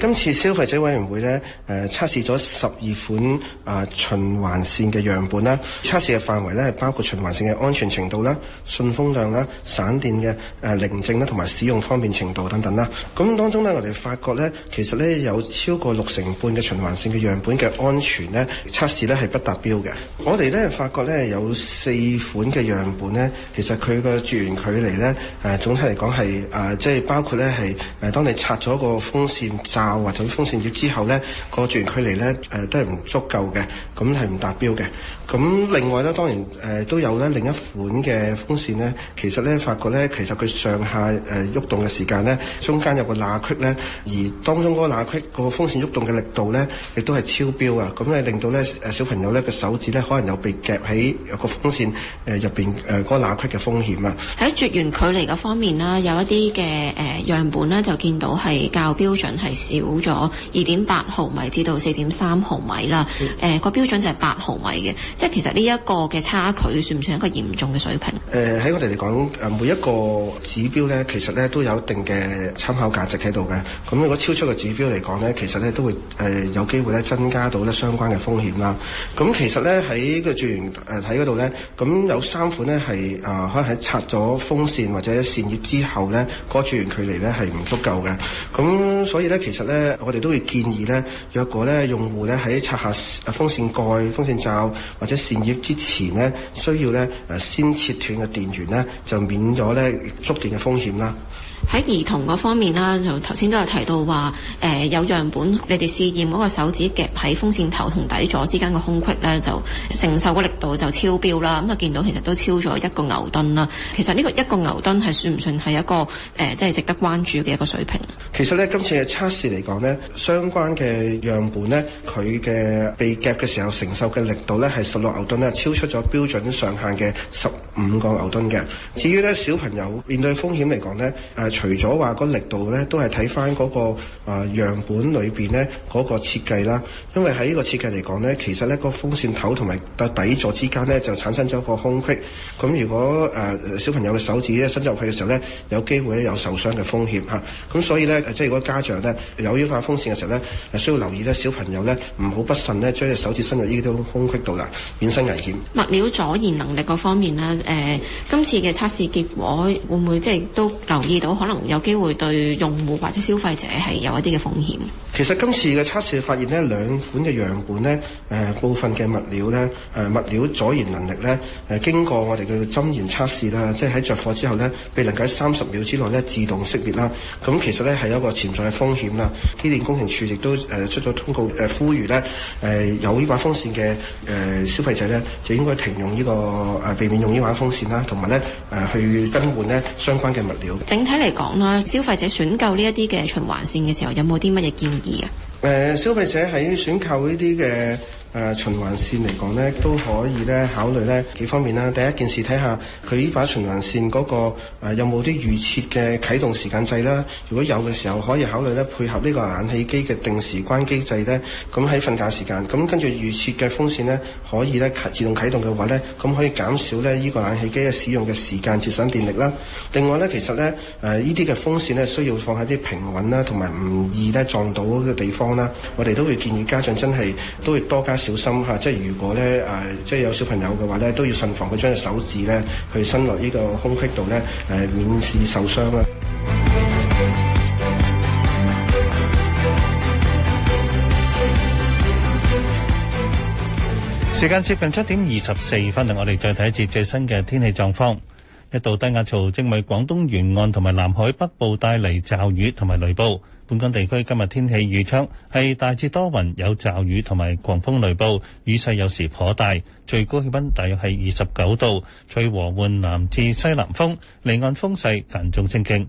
今次消費者委員會咧，誒、呃、測試咗十二款啊、呃、循環線嘅樣本啦，測試嘅範圍咧係包括循環線嘅安全程度啦、信風量啦、啊、省電嘅誒、呃、寧靜啦，同埋使用方便程度等等啦。咁當中咧，我哋發覺咧，其實咧有超過六成半嘅循環線嘅樣本嘅安全咧，測試咧係不達標嘅。我哋咧發覺咧有四款嘅樣本咧，其實佢個絕緣距離咧，誒、呃、總體嚟講係啊，即係包括咧係誒當你拆咗個風扇扇或者風扇葉之後咧，個住院距離咧，誒都係唔足夠嘅，咁係唔達標嘅。咁另外咧，當然誒、呃、都有咧另一款嘅風扇咧，其實咧發覺咧，其實佢上下誒喐、呃、動嘅時間咧，中間有個罅隙咧，而當中嗰個罅隙個風扇喐動嘅力度咧，亦都係超標啊！咁、嗯、咧令到咧誒小朋友咧個手指咧，可能有被夾喺有個風扇誒入邊誒嗰個罅隙嘅風險啊！喺絕緣距離嘅方面啦，有一啲嘅誒樣本咧，就見到係較標準係少咗二點八毫米至到四點三毫米啦。誒、呃、個、呃呃、標準就係八毫米嘅。即係其實呢一個嘅差距算唔算一個嚴重嘅水平？誒喺、呃、我哋嚟講，誒每一個指標咧，其實咧都有一定嘅參考價值喺度嘅。咁如果超出嘅指標嚟講咧，其實咧都、呃、會誒有機會咧增加到咧相關嘅風險啦。咁其實咧喺個絕緣誒睇嗰度咧，咁有三款咧係、呃、可能喺拆咗風扇或者扇葉之後咧，嗰、那個絕緣距離咧係唔足夠嘅。咁所以咧，其實咧我哋都會建議咧，若果咧用戶咧喺拆下風扇蓋、風扇罩喺扇葉之前咧，需要咧誒先切斷嘅電源咧，就免咗咧觸電嘅風險啦。喺兒童嗰方面啦，就頭先都有提到話，誒、呃、有樣本你哋試驗嗰個手指夾喺風扇頭同底座之間嘅空隙咧，就承受嘅力度就超標啦。咁就見到其實都超咗一個牛頓啦。其實呢個一個牛頓係算唔算係一個誒，即、呃、係值得關注嘅一個水平？其實咧，今次嘅測試嚟講咧，相關嘅樣本咧，佢嘅被夾嘅時候承受嘅力度咧，係十六牛頓咧，超出咗標準上限嘅十五個牛頓嘅。至於咧，小朋友面對風險嚟講咧，誒、呃。除咗話個力度咧，都係睇翻個個啊、呃、樣本裏邊咧、嗰個設計啦。因為喺呢個設計嚟講咧，其實咧個風扇頭同埋個底座之間咧就產生咗個空隙。咁、嗯、如果誒、呃、小朋友嘅手指咧伸入去嘅時候咧，有機會咧有受傷嘅風險吓，咁、啊嗯、所以咧，即係如果家長咧有呢個風扇嘅時候咧，需要留意咧小朋友咧唔好不慎咧將隻手指伸入呢啲空隙度啦，免生危險物料阻燃能力方面咧，誒、呃、今次嘅測試結果會唔會即係都留意到可？可能有機會對用戶或者消費者係有一啲嘅風險。其實今次嘅測試發現咧，兩款嘅樣本咧，誒、呃、部分嘅物料咧，誒、呃、物料阻燃能力咧，誒、呃、經過我哋嘅針燃測試啦，即係喺着火之後咧，被能夠喺三十秒之內咧自動熄滅啦。咁其實咧係一個潛在嘅風險啦。機電工程署亦都誒出咗通告誒、呃、呼籲咧誒、呃、有呢把風扇嘅誒、呃、消費者咧，就應該停用呢、這個誒、呃、避免用呢把風扇啦，同埋咧誒去更換咧相關嘅物料。整體嚟。講啦，消費者選購呢一啲嘅循環線嘅時候，有冇啲乜嘢建議啊？誒、呃，消費者喺選購呢啲嘅。誒、呃、循環線嚟講呢都可以咧考慮呢幾方面啦。第一件事睇下佢依把循環線嗰、那個、呃、有冇啲預設嘅啟動時間掣啦。如果有嘅時候，可以考慮咧配合呢個冷氣機嘅定時關機制呢。咁喺瞓覺時間，咁跟住預設嘅風扇呢，可以咧自動啟動嘅話呢，咁可以減少呢依、這個冷氣機嘅使用嘅時間，節省電力啦。另外呢，其實呢，誒依啲嘅風扇呢，需要放喺啲平穩啦，同埋唔易呢撞到嘅地方啦。我哋都會建議家長真係都會多加小心吓！即係如果咧誒，即係有小朋友嘅話咧，都要慎防佢將手指咧去伸落呢個空隙度咧誒，免至受傷啦。時間接近七點二十四分，嚟我哋再睇一次最新嘅天氣狀況。一道低壓槽正為廣東沿岸同埋南海北部帶嚟驟雨同埋雷暴。本港地區今日天，天氣預測係大致多雲，有驟雨同埋狂風雷暴，雨勢有時頗大，最高氣温大約係二十九度，吹和緩南至西南風，離岸風勢間中清勁。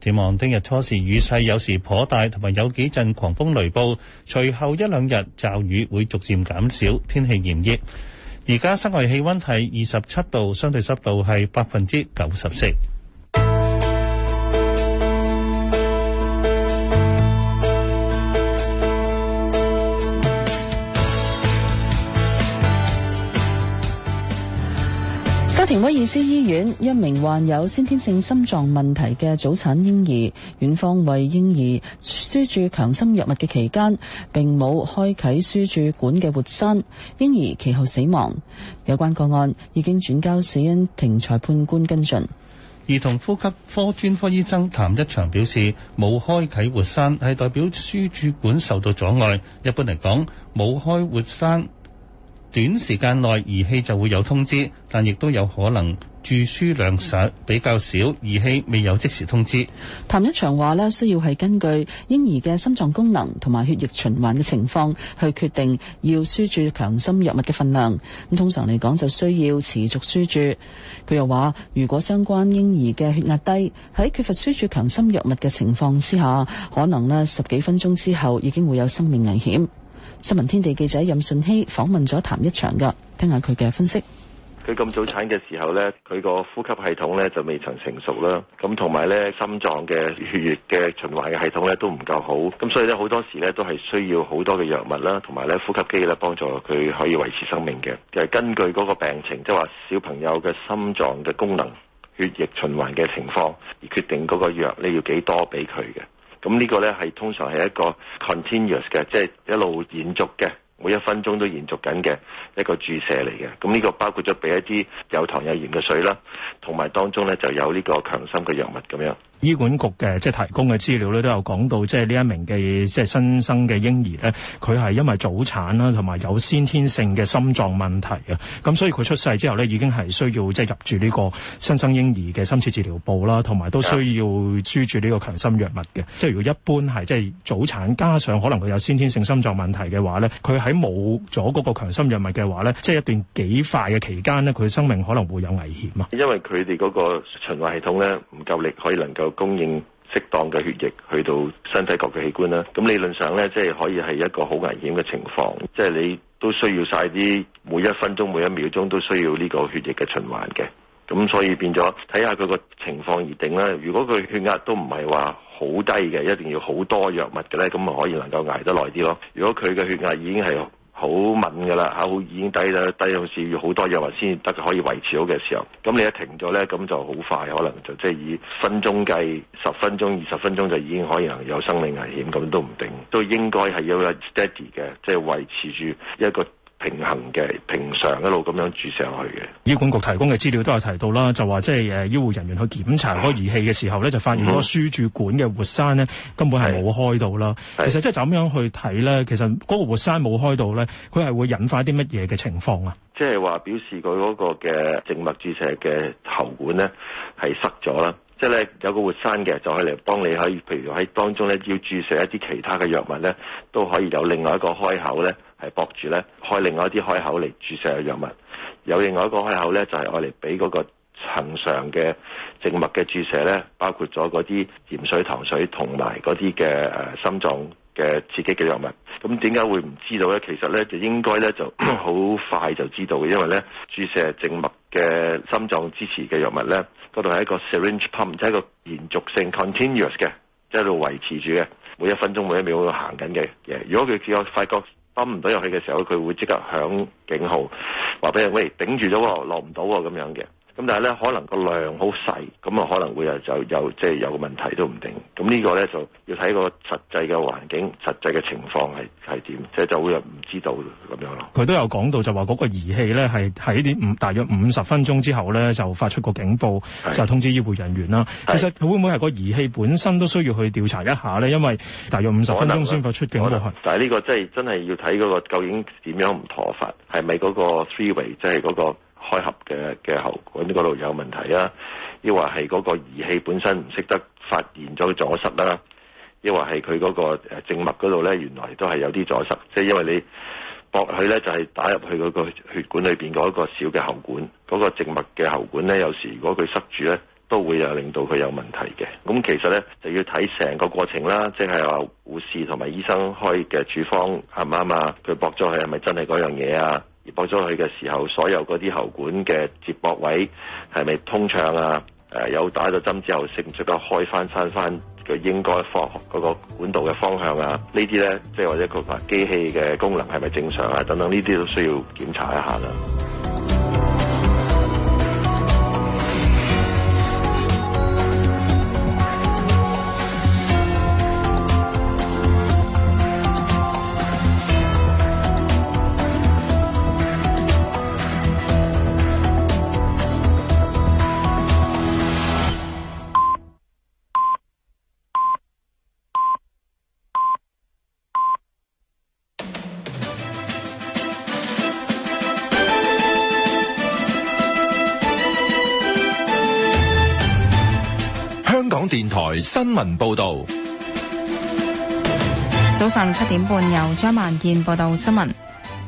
展望聽日初時雨勢有時頗大，同埋有幾陣狂風雷暴，隨後一兩日驟雨會逐漸減少，天氣炎熱。而家室外氣温係二十七度，相對濕度係百分之九十四。喺威爾斯醫院一名患有先天性心臟問題嘅早產嬰兒，院方為嬰兒輸注強心藥物嘅期間，並冇開啟輸注管嘅活栓，嬰兒其後死亡。有關個案已經轉交死因庭裁判官跟進。兒童呼吸科專科醫生譚一祥表示，冇開啟活栓係代表輸注管受到阻礙，一般嚟講冇開活栓，短時間內儀器就會有通知，但亦都有可能注輸量少比較少，儀器未有即時通知。譚一祥話呢，需要係根據嬰兒嘅心臟功能同埋血液循環嘅情況去決定要輸注強心藥物嘅份量。通常嚟講就需要持續輸注。佢又話，如果相關嬰兒嘅血壓低，喺缺乏輸注強心藥物嘅情況之下，可能呢十幾分鐘之後已經會有生命危險。新聞天地記者任順熙訪問咗譚一祥噶，聽下佢嘅分析。佢咁早產嘅時候呢，佢個呼吸系統呢就未曾成熟啦，咁同埋呢，心臟嘅血液嘅循環嘅系統呢都唔夠好，咁所以呢，好多時呢都係需要好多嘅藥物啦，同埋呢呼吸機啦，幫助佢可以維持生命嘅。就係、是、根據嗰個病情，即係話小朋友嘅心臟嘅功能、血液循環嘅情況而決定嗰個藥呢要幾多俾佢嘅。咁呢個呢，係通常係一個 continuous 嘅，即係一路延續嘅，每一分鐘都延續緊嘅一個注射嚟嘅。咁呢個包括咗俾一啲有糖有鹽嘅水啦，同埋當中呢就有呢個強心嘅藥物咁樣。醫管局嘅即係提供嘅資料咧，都有講到即係呢一名嘅即係新生嘅嬰兒咧，佢係因為早產啦，同埋有，有先天性嘅心臟問題啊。咁所以佢出世之後咧，已經係需要即係入住呢個新生嬰兒嘅深切治療部啦，同埋都需要輸住呢個強心藥物嘅。即係如果一般係即係早產加上可能佢有先天性心臟問題嘅話咧，佢喺冇咗嗰個強心藥物嘅話咧，即係一段幾快嘅期間咧，佢生命可能會有危險啊。因為佢哋嗰個循環系統咧唔夠力，可以能夠。供應適當嘅血液去到身體各嘅器官啦，咁理論上呢，即係可以係一個好危險嘅情況，即係你都需要晒啲每一分鐘、每一秒鐘都需要呢個血液嘅循環嘅，咁所以變咗睇下佢個情況而定啦。如果佢血壓都唔係話好低嘅，一定要好多藥物嘅呢，咁咪可以能夠捱得耐啲咯。如果佢嘅血壓已經係。好敏嘅啦，嚇，已經低咗，低到至於好多藥話先得可以維持好嘅時候，咁你一停咗咧，咁就好快，可能就即係以分鐘計，十分鐘、二十分鐘就已經可能有生命危險，咁都唔定，都應該係要有個 steady 嘅，即係維持住一個。平衡嘅平常一路咁樣注射落去嘅。醫管局提供嘅資料都有提到啦，就話即係誒醫護人員去檢查嗰儀器嘅時候咧，就發現嗰個輸注管嘅活塞咧根本係冇開到啦。其實即係就咁樣去睇咧，其實嗰個活塞冇開到咧，佢係會引發啲乜嘢嘅情況啊？即係話表示佢嗰個嘅靜脈注射嘅喉管咧係塞咗啦，即係咧有個活塞嘅，就可以嚟幫你可以，譬如喺當中咧要注射一啲其他嘅藥物咧，都可以有另外一個開口咧。係駁住咧，開另外一啲開口嚟注射嘅藥物。有另外一個開口咧，就係我嚟俾嗰個恆常嘅靜脈嘅注射咧，包括咗嗰啲鹽水、糖水同埋嗰啲嘅誒心臟嘅刺激嘅藥物。咁點解會唔知道咧？其實咧就應該咧就好 快就知道嘅，因為咧注射靜脈嘅心臟支持嘅藥物咧，嗰度係一個 syringe pump，即係一個延續性 continuous 嘅，即係度維持住嘅，每一分鐘、每一秒都行緊嘅嘢。如果佢有發覺。崩唔到入去嘅時候，佢會即刻響警號話俾人：喂，頂住咗，落唔到啊，咁樣嘅。咁但係咧，可能個量好細，咁啊可能會啊就有即係有問題都唔定。咁呢個咧就要睇個實際嘅環境、實際嘅情況係係點，即係就會又唔知道咁樣咯。佢都有講到就話嗰個儀器咧係喺啲五大約五十分鐘之後咧就發出個警報，就發出個警報是就通知醫護人員啦。是其實佢會唔會係個儀器本身都需要去調查一下咧？因為大約五十分鐘先發出警報，但係呢個即係真係要睇嗰個究竟點樣唔妥法，係咪嗰個 three way 即係嗰個？開合嘅嘅喉管嗰度有問題啊，抑或係嗰個儀器本身唔識得發現咗阻塞啦，抑或係佢嗰個靜脈嗰度呢，原來都係有啲阻塞。即係因為你駁佢呢，就係打入去嗰個血管裏邊嗰個小嘅喉管，嗰個靜脈嘅喉管呢，有時如果佢塞住呢，都會又令到佢有問題嘅。咁其實呢，就要睇成個過程啦，即係話護士同埋醫生開嘅處方啱唔啱啊？佢駁咗佢係咪真係嗰樣嘢啊？而駁咗去嘅時候，所有嗰啲喉管嘅接駁位係咪通暢啊？誒、呃，有打咗針之後，成唔成夠開翻伸翻佢應該放嗰個管道嘅方向啊？呢啲咧，即係或者個話機器嘅功能係咪正常啊？等等呢啲都需要檢查一下啦。電台新聞報道：早上七點半，由張萬健報道新聞。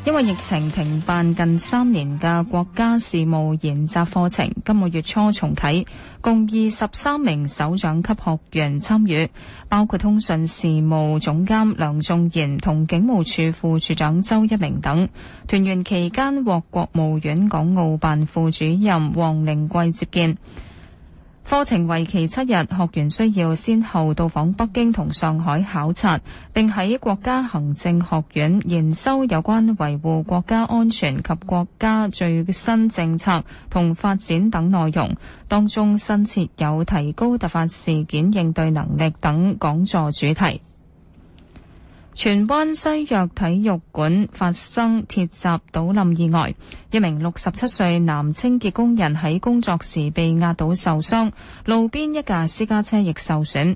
因為疫情停辦近三年嘅國家事務研習課程，今個月初重啟，共二十三名首長級學員參與，包括通訊事務總監梁仲賢同警務處副處長周一鳴等。團員期間獲國務院港澳辦副主任王靈桂接見。課程為期七日，學員需要先後到訪北京同上海考察，並喺國家行政學院研修有關維護國家安全及國家最新政策同發展等內容，當中新設有提高突發事件應對能力等講座主題。荃灣西約體育館發生鐵閘倒冧意外，一名六十七歲男清潔工人喺工作時被壓倒受傷，路邊一架私家車亦受損。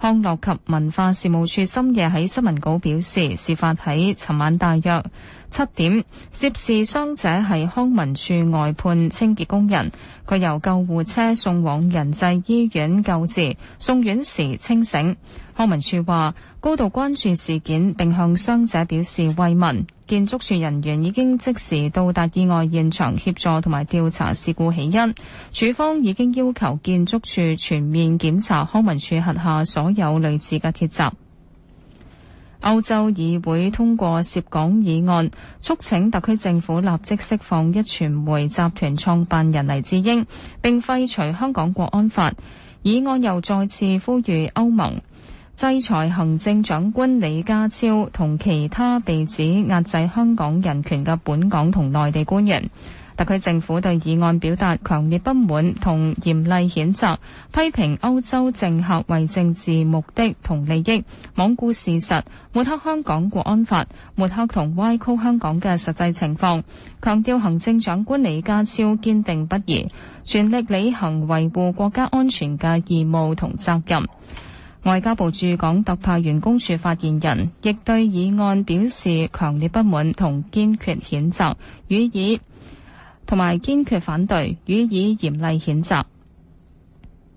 康樂及文化事務處深夜喺新聞稿表示，事發喺尋晚大約七點，涉事傷者係康文署外判清潔工人，佢由救護車送往仁濟醫院救治，送院時清醒。康文署話高度關注事件，並向傷者表示慰問。建築署人員已經即時到達意外現場協助，同埋調查事故起因。署方已經要求建築署全面檢查康文署轄下所有類似嘅鐵閘。歐洲議會通過涉港議案，促請特區政府立即釋放一傳媒集團創辦人黎智英，並廢除香港國安法。議案又再次呼籲歐盟。制裁行政長官李家超同其他被指壓制香港人權嘅本港同內地官員。特區政府對議案表達強烈不滿同嚴厲譴責，批評歐洲政客為政治目的同利益罔顧事實，抹黑香港國安法，抹黑同歪曲香港嘅實際情況，強調行政長官李家超堅定不移，全力履行維護國家安全嘅義務同責任。外交部駐港特派員公署發言人亦對議案表示強烈不滿同堅決譴責，予以同埋堅決反對，予以嚴厲譴責。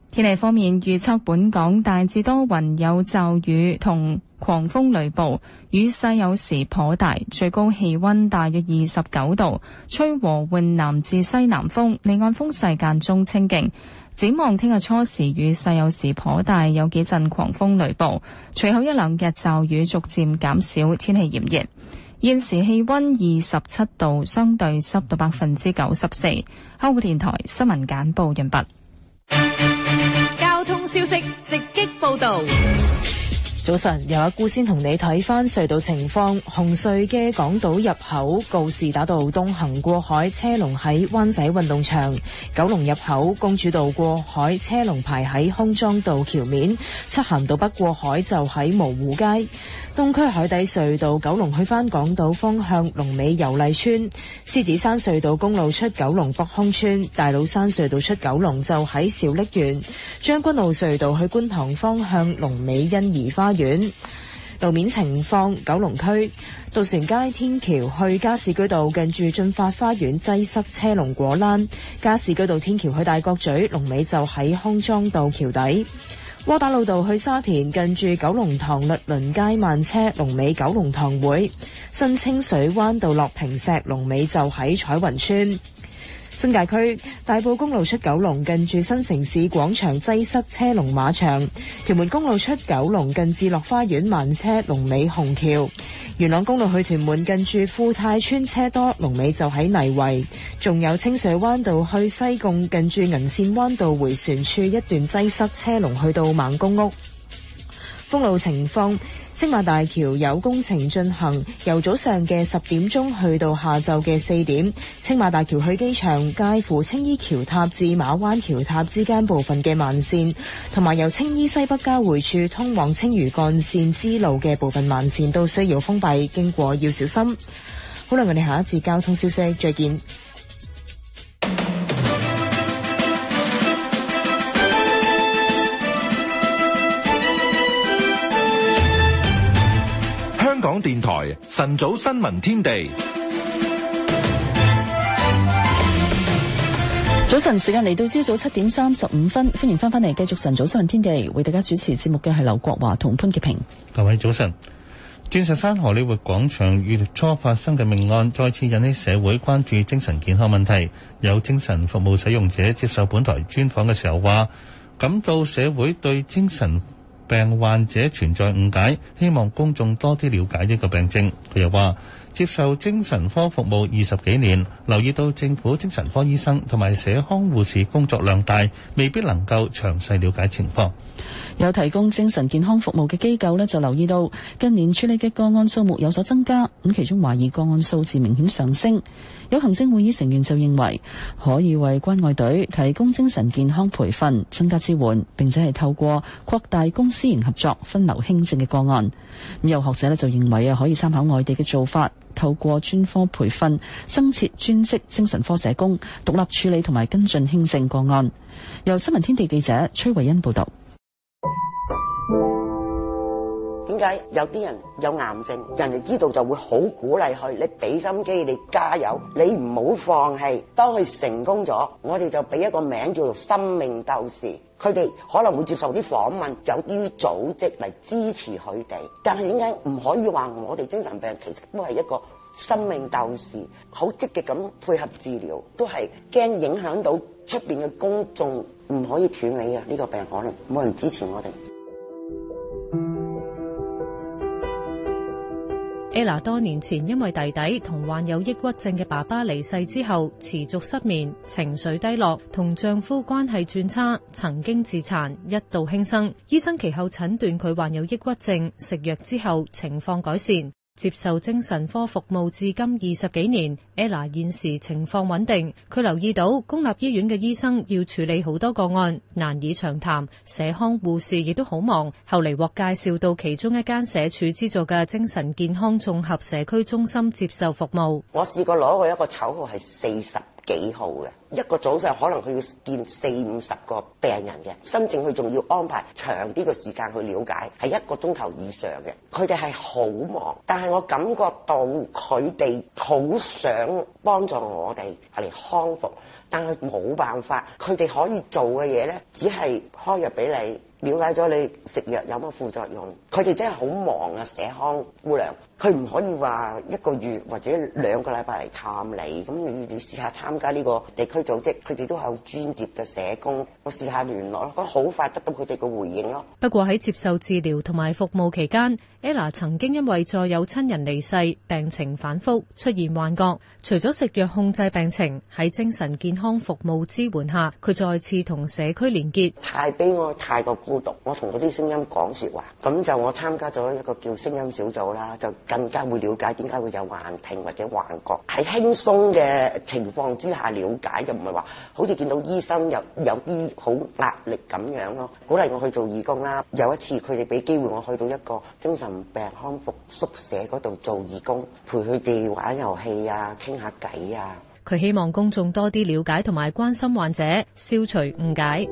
天氣方面預測，本港大致多雲有驟雨同狂風雷暴，雨勢有時頗大，最高氣温大約二十九度，吹和緩南至西南風，離岸風勢間中清勁。展望聽日初時雨勢有時頗大，有幾陣狂風雷暴。隨後一兩日驟雨逐漸減少，天氣炎熱。現時氣溫二十七度，相對濕度百分之九十四。香港電台新聞簡報完畢。交通消息直擊報道。早晨，由阿姑先同你睇返隧道情況。紅隧嘅港島入口告士打道東行過海，車龍喺灣仔運動場；九龍入口公主道過海，車龍排喺康莊道橋面；漆咸道北過海就喺蕪湖街。東區海底隧道九龍去返港島方向龍尾油麗邨，獅子山隧道公路出九龍博康邨，大老山隧道出九龍就喺小瀝源，將軍澳隧道去觀塘方向龍尾欣怡花園。路面情況，九龍區渡船街天橋去加士居道近住駿發花園擠塞車龍果欄，加士居道天橋去大角咀龍尾就喺康莊道橋底。窩打老道去沙田，近住九龍塘律倫街慢車，龍尾九龍塘會；新清水灣道落坪石，龍尾就喺彩雲村。新界區大埔公路出九龍近住新城市廣場擠塞，車龍馬場，屯門公路出九龍近至樂花園慢車龍尾紅橋，元朗公路去屯門近住富泰村車多龍尾就喺泥圍，仲有清水灣道去西貢近住銀綫灣道回旋處一段擠塞，車龍去到猛公屋。公路情況，青馬大橋有工程進行，由早上嘅十點鐘去到下晝嘅四點。青馬大橋去機場介乎青衣橋塔至馬灣橋塔之間部分嘅慢線，同埋由青衣西北交匯處通往青嶼幹線支路嘅部分慢線都需要封閉，經過要小心。好啦，我哋下一節交通消息再見。電台晨早新聞天地，早晨時間嚟到朝早七點三十五分，歡迎翻返嚟，繼續晨早新聞天地，為大家主持節目嘅係劉國華同潘潔平。各位早晨，鑽石山荷里活廣場月初發生嘅命案，再次引起社會關注精神健康問題。有精神服務使用者接受本台專訪嘅時候話，感到社會對精神病患者存在誤解，希望公眾多啲了解呢個病症。佢又話，接受精神科服務二十幾年，留意到政府精神科醫生同埋社康護士工作量大，未必能夠詳細了解情況。有提供精神健康服務嘅機構咧，就留意到近年處理嘅個案數目有所增加，咁其中懷疑個案數字明顯上升。有行政會議成員就認為可以為關愛隊提供精神健康培訓，增加支援，並且係透過擴大公私營合作，分流輕症嘅個案。咁有學者咧就認為啊，可以參考外地嘅做法，透過專科培訓增設專職精神科社工，獨立處理同埋跟進輕症個案。由新聞天地記者崔慧欣報道。點解有啲人有癌症，人哋知道就會好鼓勵佢，你俾心機，你加油，你唔好放棄。當佢成功咗，我哋就俾一個名叫做生命鬥士。佢哋可能會接受啲訪問，有啲組織嚟支持佢哋。但係點解唔可以話我哋精神病其實都係一個生命鬥士，好積極咁配合治療，都係驚影響到出邊嘅公眾，唔可以斷尾啊！呢個病可能冇人支持我哋。Ella 多年前因為弟弟同患有抑鬱症嘅爸爸離世之後，持續失眠、情緒低落，同丈夫關係轉差，曾經自殘，一度輕生。醫生其後診斷佢患有抑鬱症，食藥之後情況改善。接受精神科服務至今二十幾年，Ella 現時情況穩定。佢留意到公立醫院嘅醫生要處理好多個案，難以長談。社康護士亦都好忙，後嚟獲介紹到其中一間社署資助嘅精神健康綜合社區中心接受服務。我試過攞去一個丑號係四十。幾好嘅，一個早上可能佢要見四五十個病人嘅，甚至佢仲要安排長啲嘅時間去了解，係一個鐘頭以上嘅。佢哋係好忙，但係我感覺到佢哋好想幫助我哋嚟康復。但係冇辦法，佢哋可以做嘅嘢咧，只係開藥俾你，了解咗你食藥有乜副作用。佢哋真係好忙啊，社康姑娘，佢唔可以話一個月或者兩個禮拜嚟探你。咁你試下參加呢個地區組織，佢哋都係好專業嘅社工，我試下聯絡咯，咁好快得到佢哋嘅回應咯。不過喺接受治療同埋服務期間。Ella 曾經因為再有親人離世、病情反覆、出現幻覺，除咗食藥控制病情，喺精神健康服務支援下，佢再次同社區連結。太悲哀，太過孤獨。我同嗰啲聲音講說話，咁就我參加咗一個叫聲音小組啦，就更加會了解點解會有幻聽或者幻覺。喺輕鬆嘅情況之下了解，就唔係話好似見到醫生有有啲好壓力咁樣咯。鼓勵我去做義工啦。有一次佢哋俾機會我去到一個精神。病康復宿舍嗰度做義工，陪佢哋玩遊戲啊，傾下偈啊。佢希望公眾多啲了解同埋關心患者，消除誤解。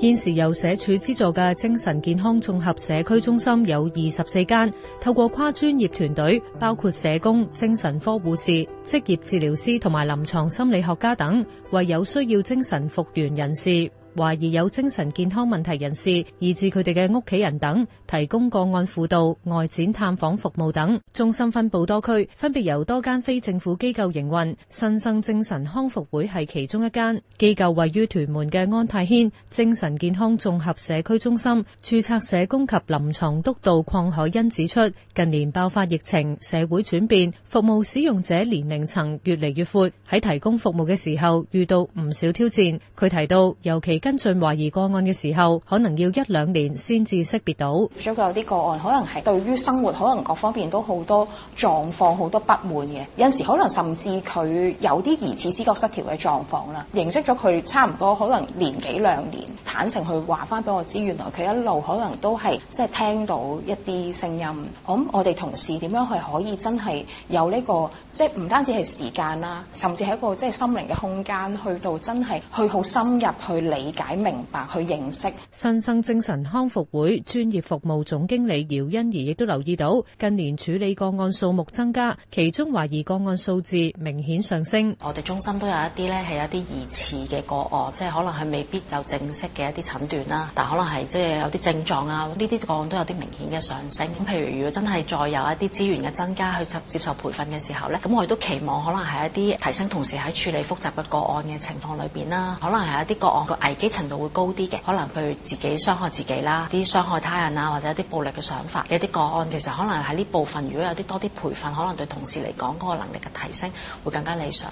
現時由社署資助嘅精神健康綜合社區中心有二十四間，透過跨專業團隊，包括社工、精神科護士、職業治療師同埋臨床心理學家等，為有需要精神復原人士。懷疑有精神健康問題人士，以致佢哋嘅屋企人等提供個案輔導、外展探訪服務等。中心分布多區，分別由多間非政府機構營運。新生精神康復會係其中一間機構，位於屯門嘅安泰軒精神健康綜合社區中心。注冊社工及臨床督導鄺海欣指出，近年爆發疫情，社會轉變，服務使用者年齡層越嚟越闊，喺提供服務嘅時候遇到唔少挑戰。佢提到，尤其跟進懷疑個案嘅時候，可能要一兩年先至識別到。所以佢有啲個案，可能係對於生活，可能各方面都好多狀況，好多不滿嘅。有陣時可能甚至佢有啲疑似思覺失調嘅狀況啦。認識咗佢差唔多可能年幾兩年，坦誠去話翻俾我知，原來佢一路可能都係即係聽到一啲聲音。咁我哋同事點樣去可以真係有呢個，即係唔單止係時間啦，甚至係一個即係心靈嘅空間，去到真係去好深入去理解。解明白去認識。新生精神康復會專業服務總經理姚欣怡亦都留意到近年處理個案數目增加，其中懷疑個案數字明顯上升。我哋中心都有一啲呢，係有啲疑似嘅個案，即係可能係未必有正式嘅一啲診斷啦，但可能係即係有啲症狀啊，呢啲個案都有啲明顯嘅上升。咁譬如如果真係再有一啲資源嘅增加去接受培訓嘅時候呢，咁我哋都期望可能係一啲提升，同時喺處理複雜嘅個案嘅情況裏邊啦，可能係一啲個案嘅危。己程度會高啲嘅？可能佢自己傷害自己啦，啲傷害他人啊，或者一啲暴力嘅想法。一啲個案其實可能喺呢部分，如果有啲多啲培訓，可能對同事嚟講嗰個能力嘅提升會更加理想。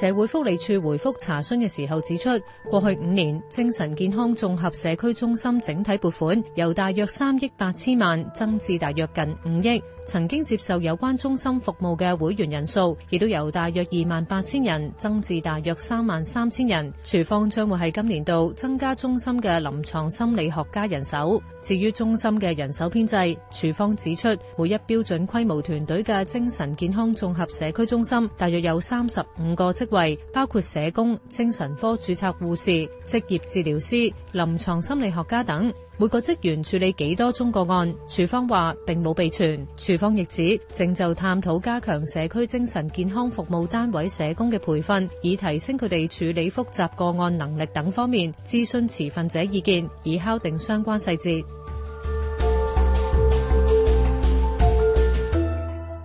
社會福利署回覆查詢嘅時候指出，過去五年精神健康綜合社區中心整體撥款由大約三億八千萬增至大約近五億。曾經接受有關中心服務嘅會員人數，亦都由大約二萬八千人增至大約三萬三千人。處方將會喺今年度增加中心嘅臨床心理學家人手。至於中心嘅人手編制，處方指出，每一標準規模團隊嘅精神健康綜合社區中心大約有三十五個職位，包括社工、精神科註冊護士、職業治療師、臨床心理學家等。每個職員處理幾多宗個案？署方話並冇備存。署方亦指，正就探討加強社區精神健康服務單位社工嘅培訓，以提升佢哋處理複雜個案能力等方面諮詢持份者意見，以敲定相關細節。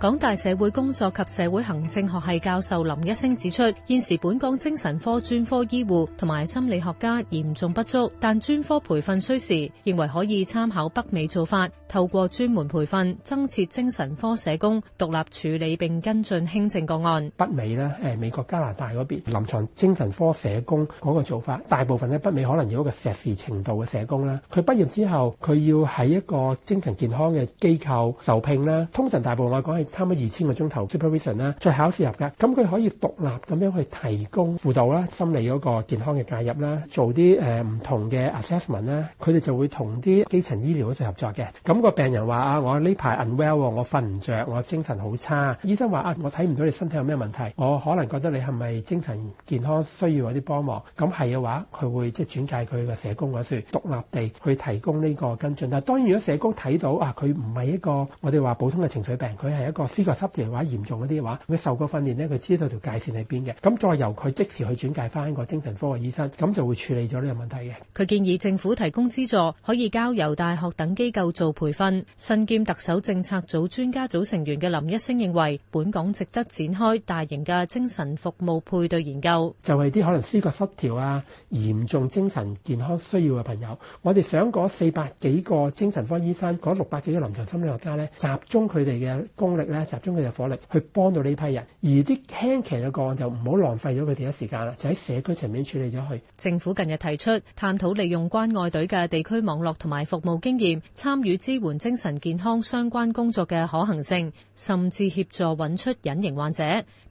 港大社會工作及社會行政學系教授林一星指出，現時，本港精神科專科醫護同埋心理學家嚴重不足，但專科培訓需時，認為可以參考北美做法，透過專門培訓，增設精神科社工，獨立處理並跟進輕症個案。北美呢，誒美國加拿大嗰邊，臨床精神科社工嗰個做法，大部分北美可能有一個碩士程度嘅社工啦,佢畢業之後，佢要喺一個精神健康嘅機構受聘啦,通常大部分嚟講係，差唔多二千個鐘頭 supervision 啦，再考試合格，咁佢可以獨立咁樣去提供輔導啦，心理嗰個健康嘅介入啦，做啲誒唔同嘅 assessment 咧，佢哋就會同啲基層醫療嗰度合作嘅。咁個病人話啊，我呢排 unwell，我瞓唔著，我精神好差。醫生話啊，我睇唔到你身體有咩問題，我可能覺得你係咪精神健康需要有啲幫忙？咁係嘅話，佢會即係轉介佢個社工或者，獨立地去提供呢個跟進。但係當然，如果社工睇到啊，佢唔係一個我哋話普通嘅情緒病，佢係一個思覺失調嘅話，嚴重嗰啲嘅話，會受過訓練呢，佢知道條界線喺邊嘅。咁再由佢即時去轉介翻個精神科嘅醫生，咁就會處理咗呢個問題嘅。佢建議政府提供資助，可以交由大學等機構做培訓。身兼特首政策組專家組成員嘅林一星認為，本港值得展開大型嘅精神服務配對研究。就係啲可能思覺失調啊，嚴重精神健康需要嘅朋友，我哋想嗰四百幾個精神科醫生，嗰六百幾個臨床心理學家呢，集中佢哋嘅功力。集中佢嘅火力去幫到呢批人，而啲輕騎嘅個案就唔好浪費咗佢哋一時間啦，就喺社區層面處理咗佢。政府近日提出，探討利用關愛隊嘅地區網絡同埋服務經驗，參與支援精神健康相關工作嘅可行性，甚至協助揾出隱形患者。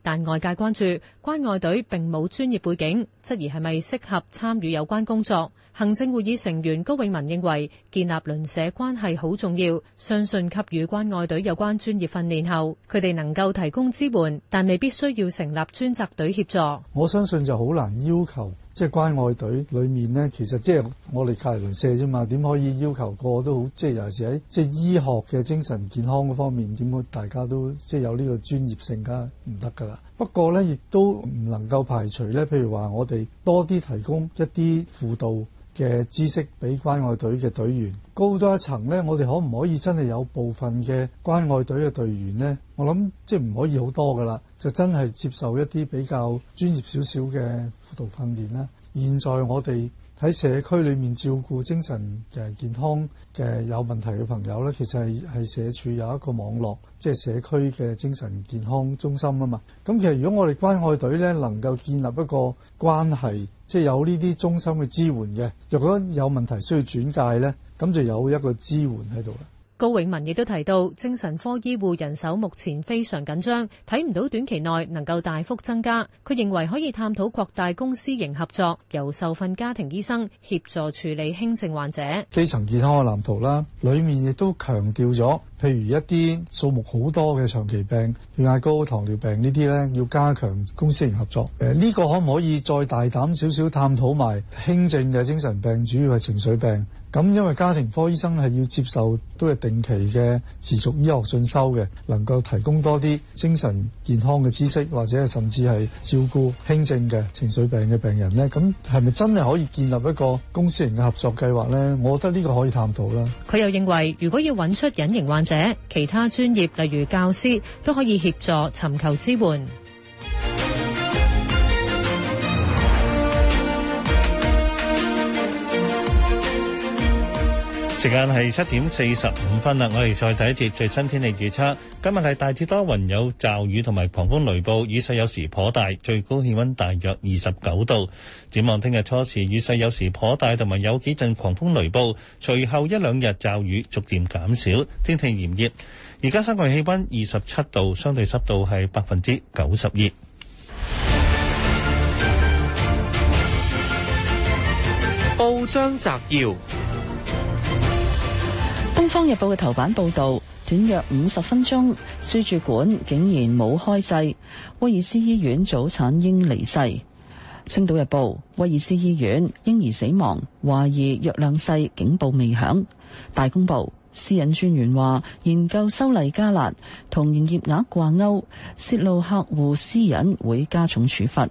但外界關注關愛隊並冇專業背景，質疑係咪適合參與有關工作。行政會議成員高永文認為，建立鄰舍關係好重要，相信給予關愛隊有關專業訓練後，佢哋能夠提供支援，但未必需要成立專責隊協助。我相信就好難要求。即係關愛隊裏面咧，其實即係我哋隔籬鄰舍啫嘛，點可以要求個個都好？即係尤其是喺即係醫學嘅精神健康嗰方面，點會大家都即係有呢個專業性㗎？梗係唔得㗎啦。不過咧，亦都唔能夠排除咧，譬如話我哋多啲提供一啲輔導。嘅知識俾關愛隊嘅隊員高多一層呢，我哋可唔可以真係有部分嘅關愛隊嘅隊員呢？我諗即係唔可以好多噶啦，就真係接受一啲比較專業少少嘅輔導訓練啦。現在我哋喺社區裏面照顧精神嘅健康嘅有問題嘅朋友呢，其實係社署有一個網絡，即係社區嘅精神健康中心啊嘛。咁其實如果我哋關愛隊呢能夠建立一個關係。即係有呢啲中心嘅支援嘅，若果有問題需要轉介咧，咁就有一個支援喺度啦。高永文亦都提到，精神科醫護人手目前非常緊張，睇唔到短期內能夠大幅增加。佢認為可以探討擴大公私營合作，由受訓家庭醫生協助處理輕症患者。基層健康嘅藍圖啦，裏面亦都強調咗，譬如一啲數目好多嘅長期病，血壓高、糖尿病呢啲咧，要加強公私營合作。誒、呃、呢、這個可唔可以再大膽少少探討埋輕症嘅精神病，主要係情緒病？咁因為家庭科醫生係要接受都係定期嘅持續醫學進修嘅，能夠提供多啲精神健康嘅知識，或者係甚至係照顧輕症嘅情緒病嘅病人咧，咁係咪真係可以建立一個公私營嘅合作計劃咧？我覺得呢個可以探討啦。佢又認為，如果要揾出隱形患者，其他專業例如教師都可以協助尋求支援。時間係七點四十五分啦，我哋再睇一節最新天氣預測。今日係大致多雲有驟雨同埋狂風雷暴，雨勢有時頗大，最高氣温大約二十九度。展望聽日初時雨勢有時頗大，同埋有幾陣狂風雷暴，隨後一兩日驟雨逐漸減少，天氣炎熱。而家室外氣温二十七度，相對濕度係百分之九十二。報章摘要。《方日報》嘅頭版報道，短約五十分鐘輸注管竟然冇開制，威爾斯醫院早產嬰離世。《星島日報》，威爾斯醫院嬰兒死亡，懷疑藥量細，警報未響。《大公報》，私隱專員話，研究修例加辣同營業額掛鈎，洩露客戶私隱會加重處罰。《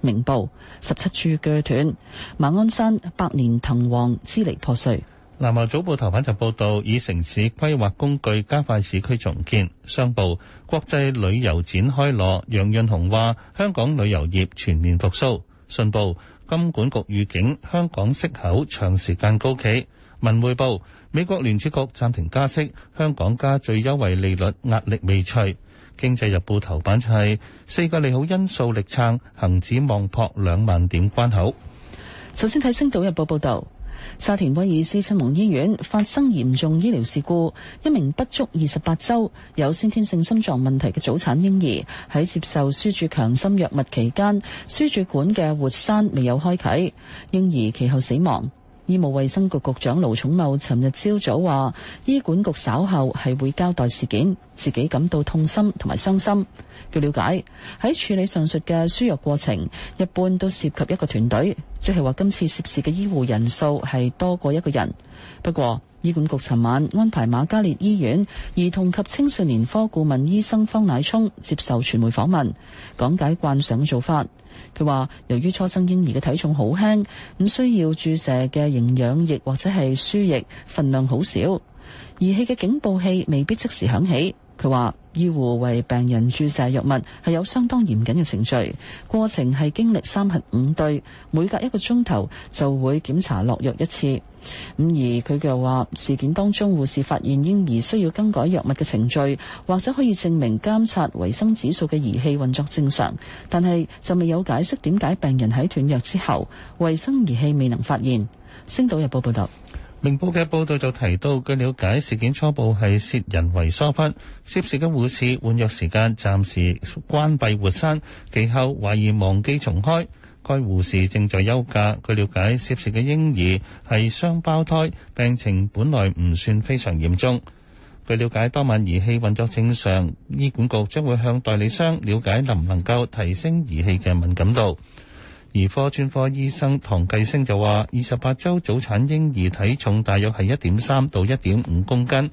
明報》，十七處鋸斷，馬鞍山百年藤王支離破碎。南華早報頭版就報道，以城市規劃工具加快市區重建。商報國際旅遊展開鑼，楊潤雄話香港旅遊業全面復蘇。信報金管局預警香港息口長時間高企。文匯報美國聯儲局暫停加息，香港加最優惠利率壓力未除。經濟日報頭版就係四個利好因素力撐恒指望破兩萬點關口。首先睇《星島日報》報道。沙田威爾斯親王醫院發生嚴重醫療事故，一名不足二十八周、有先天性心臟問題嘅早產嬰兒喺接受輸注強心藥物期間，輸注管嘅活塞未有開啟，嬰兒其後死亡。醫務衛生局局長盧寵茂尋日朝早話，醫管局稍後係會交代事件，自己感到痛心同埋傷心。據了解，喺處理上述嘅輸液過程，一般都涉及一個團隊，即係話今次涉事嘅醫護人數係多過一個人。不過，醫管局尋晚安排瑪嘉烈醫院兒童及青少年科顧問醫生方乃聰接受傳媒訪問，講解慣常做法。佢話，由於初生嬰兒嘅體重好輕，唔需要注射嘅營養液或者係輸液，份量好少，儀器嘅警報器未必即時響起。佢話。醫護為病人注射藥物係有相當嚴謹嘅程序，過程係經歷三核五對，每隔一個鐘頭就會檢查落藥一次。咁而佢又話，事件當中護士發現嬰兒需要更改藥物嘅程序，或者可以證明監察維生指數嘅儀器運作正常，但係就未有解釋點解病人喺斷藥之後，維生儀器未能發現。星島日報報道。明報嘅報道就提到，據了解，事件初步係涉人為疏忽，涉事嘅護士換藥時間暫時關閉活塞，其後懷疑忘記重開。該護士正在休假。據了解，涉事嘅嬰兒係雙胞胎，病情本來唔算非常嚴重。據了解，當晚儀器運作正常，醫管局將會向代理商了解能唔能夠提升儀器嘅敏感度。兒科專科醫生唐繼升就話，二十八周早產嬰兒體重大約係一點三到一點五公斤。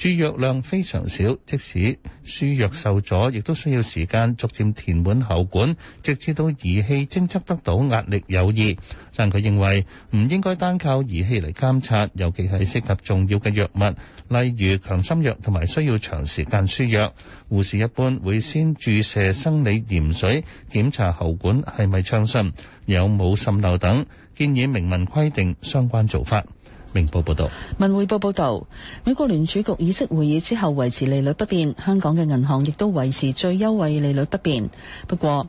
注藥量非常少，即使輸藥受阻，亦都需要時間逐漸填滿喉管，直至到儀器偵測得到壓力有異。但佢認為唔應該單靠儀器嚟監察，尤其係涉及重要嘅藥物，例如強心藥同埋需要長時間輸藥。護士一般會先注射生理鹽水，檢查喉管係咪暢順，有冇滲漏等。建議明文規定相關做法。明報報道，文匯報報道，美國聯儲局議息會議之後維持利率不變，香港嘅銀行亦都維持最優惠利率不變。不過，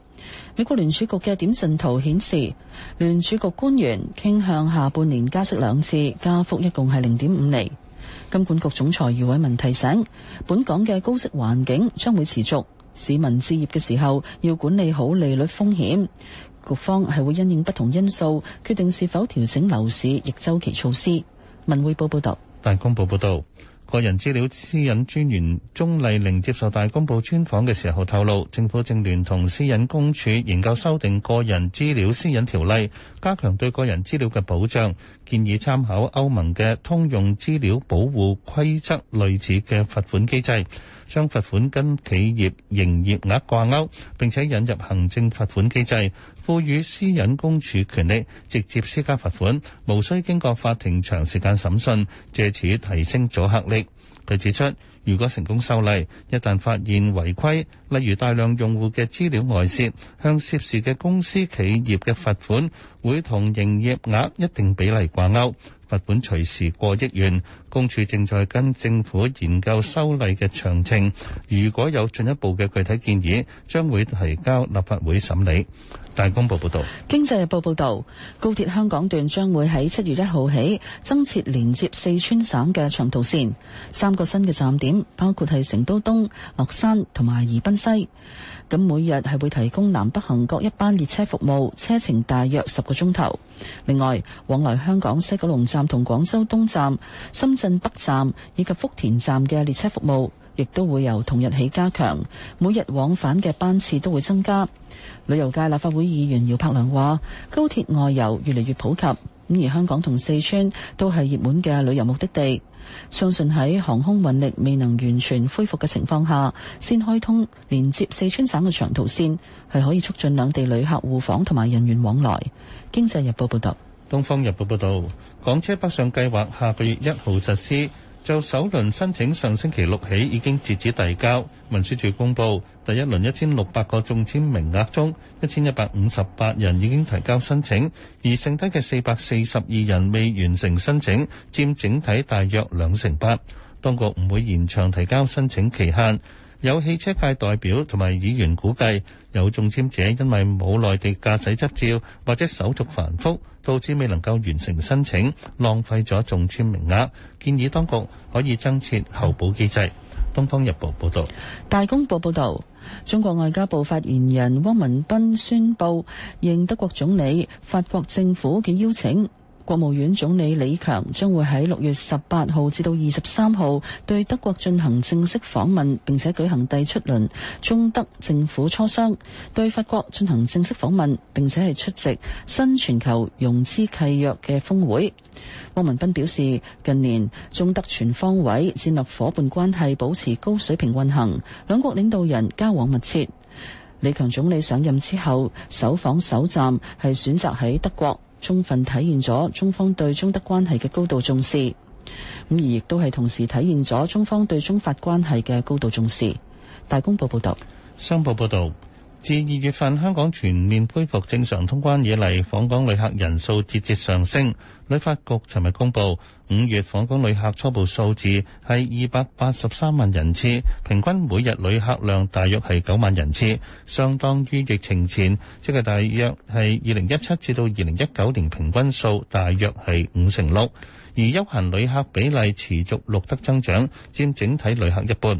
美國聯儲局嘅點陣圖顯示，聯儲局官員傾向下半年加息兩次，加幅一共係零點五厘。金管局總裁余偉文提醒，本港嘅高息環境將會持續，市民置業嘅時候要管理好利率風險。局方係會因應不同因素，決定是否調整樓市逆周期措施。文匯報報道，大公報報道，個人資料私隱專員鍾麗玲接受大公報專訪嘅時候透露，政府正聯同私隱公署研究修訂個人資料私隱條例，加強對個人資料嘅保障。建議參考歐盟嘅通用資料保護規則類似嘅罰款機制，將罰款跟企業營業額掛鈎，並且引入行政罰款機制，賦予私隱公署權力直接施加罰款，無需經過法庭長時間審訊，藉此提升阻嚇力。佢指出：如果成功修例，一旦發現違規，例如大量用戶嘅資料外泄，向涉事嘅公司企業嘅罰款會同營業額一定比例掛鈎，罰款隨時過億元。公署正在跟政府研究修例嘅詳情，如果有進一步嘅具體建議，將會提交立法會審理。大公報報道，經濟日報報道，高鐵香港段將會喺七月一號起增設連接四川省嘅長途線，三個新嘅站點包括係成都東、樂山同埋宜賓西。咁每日係會提供南北行各一班列車服務，車程大約十個鐘頭。另外，往來香港西九龍站同廣州東站、深圳北站以及福田站嘅列車服務，亦都會由同日起加強，每日往返嘅班次都會增加。旅遊界立法會議員姚柏良話：高鐵外遊越嚟越普及，咁而香港同四川都係熱門嘅旅遊目的地。相信喺航空運力未能完全恢復嘅情況下，先開通連接四川省嘅長途線，係可以促進兩地旅客互訪同埋人員往來。經濟日報報道，東方日報報道，港車北上計劃下個月一號實施。就首輪申請上星期六起已經截止遞交。文書處公佈，第一輪一千六百個中籤名額中，一千一百五十八人已經提交申請，而剩低嘅四百四十二人未完成申請，佔整體大約兩成八。當局唔會延長提交申請期限。有汽車界代表同埋議員估計，有中籤者因為冇內地駕駛執照或者手續繁複。導致未能夠完成申請，浪費咗中簽名額，建議當局可以增設候補機制。《東方日報》報道。《大公報》報道，中國外交部發言人汪文斌宣布，應德國總理、法國政府嘅邀請。國務院總理李強將會喺六月十八號至到二十三號對德國進行正式訪問，並且舉行第七輪中德政府磋商；對法國進行正式訪問，並且係出席新全球融資契約嘅峰會。汪文斌表示，近年中德全方位戰略伙伴關係保持高水平運行，兩國領導人交往密切。李強總理上任之後，首訪首站係選擇喺德國。充分體現咗中方對中德關係嘅高度重視，咁而亦都係同時體現咗中方對中法關係嘅高度重視。大公報報道，商報報道。自二月份香港全面恢復正常通關以嚟，訪港旅客人數節節上升。旅發局尋日公布，五月訪港旅客初步數字係二百八十三萬人次，平均每日旅客量大約係九萬人次，相當於疫情前即係大約係二零一七至到二零一九年平均數大約係五成六。而休閒旅客比例持續錄得增長，佔整體旅客一半。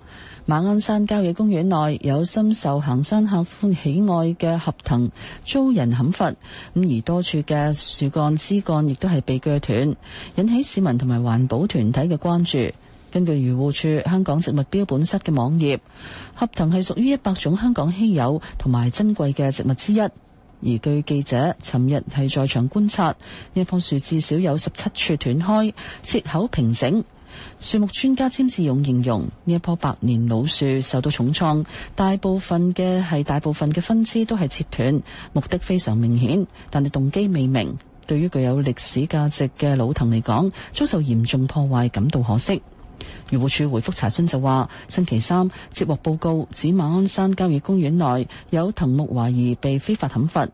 馬鞍山郊野公園內有深受行山客歡喜愛嘅合藤遭人砍伐，咁而多處嘅樹幹枝幹亦都係被鋸斷，引起市民同埋環保團體嘅關注。根據漁護處香港植物標本室嘅網頁，合藤係屬於一百種香港稀有同埋珍貴嘅植物之一。而據記者尋日係在場觀察，一棵樹至少有十七處斷開，切口平整。樹木專家詹志勇形容呢一棵百年老樹受到重創，大部分嘅係大部分嘅分枝都係切斷，目的非常明顯，但係動機未明。對於具有歷史價值嘅老藤嚟講，遭受嚴重破壞感到可惜。漁護署回覆查詢就話：星期三接獲報告指馬鞍山郊野公園內有藤木懷疑被非法砍伐，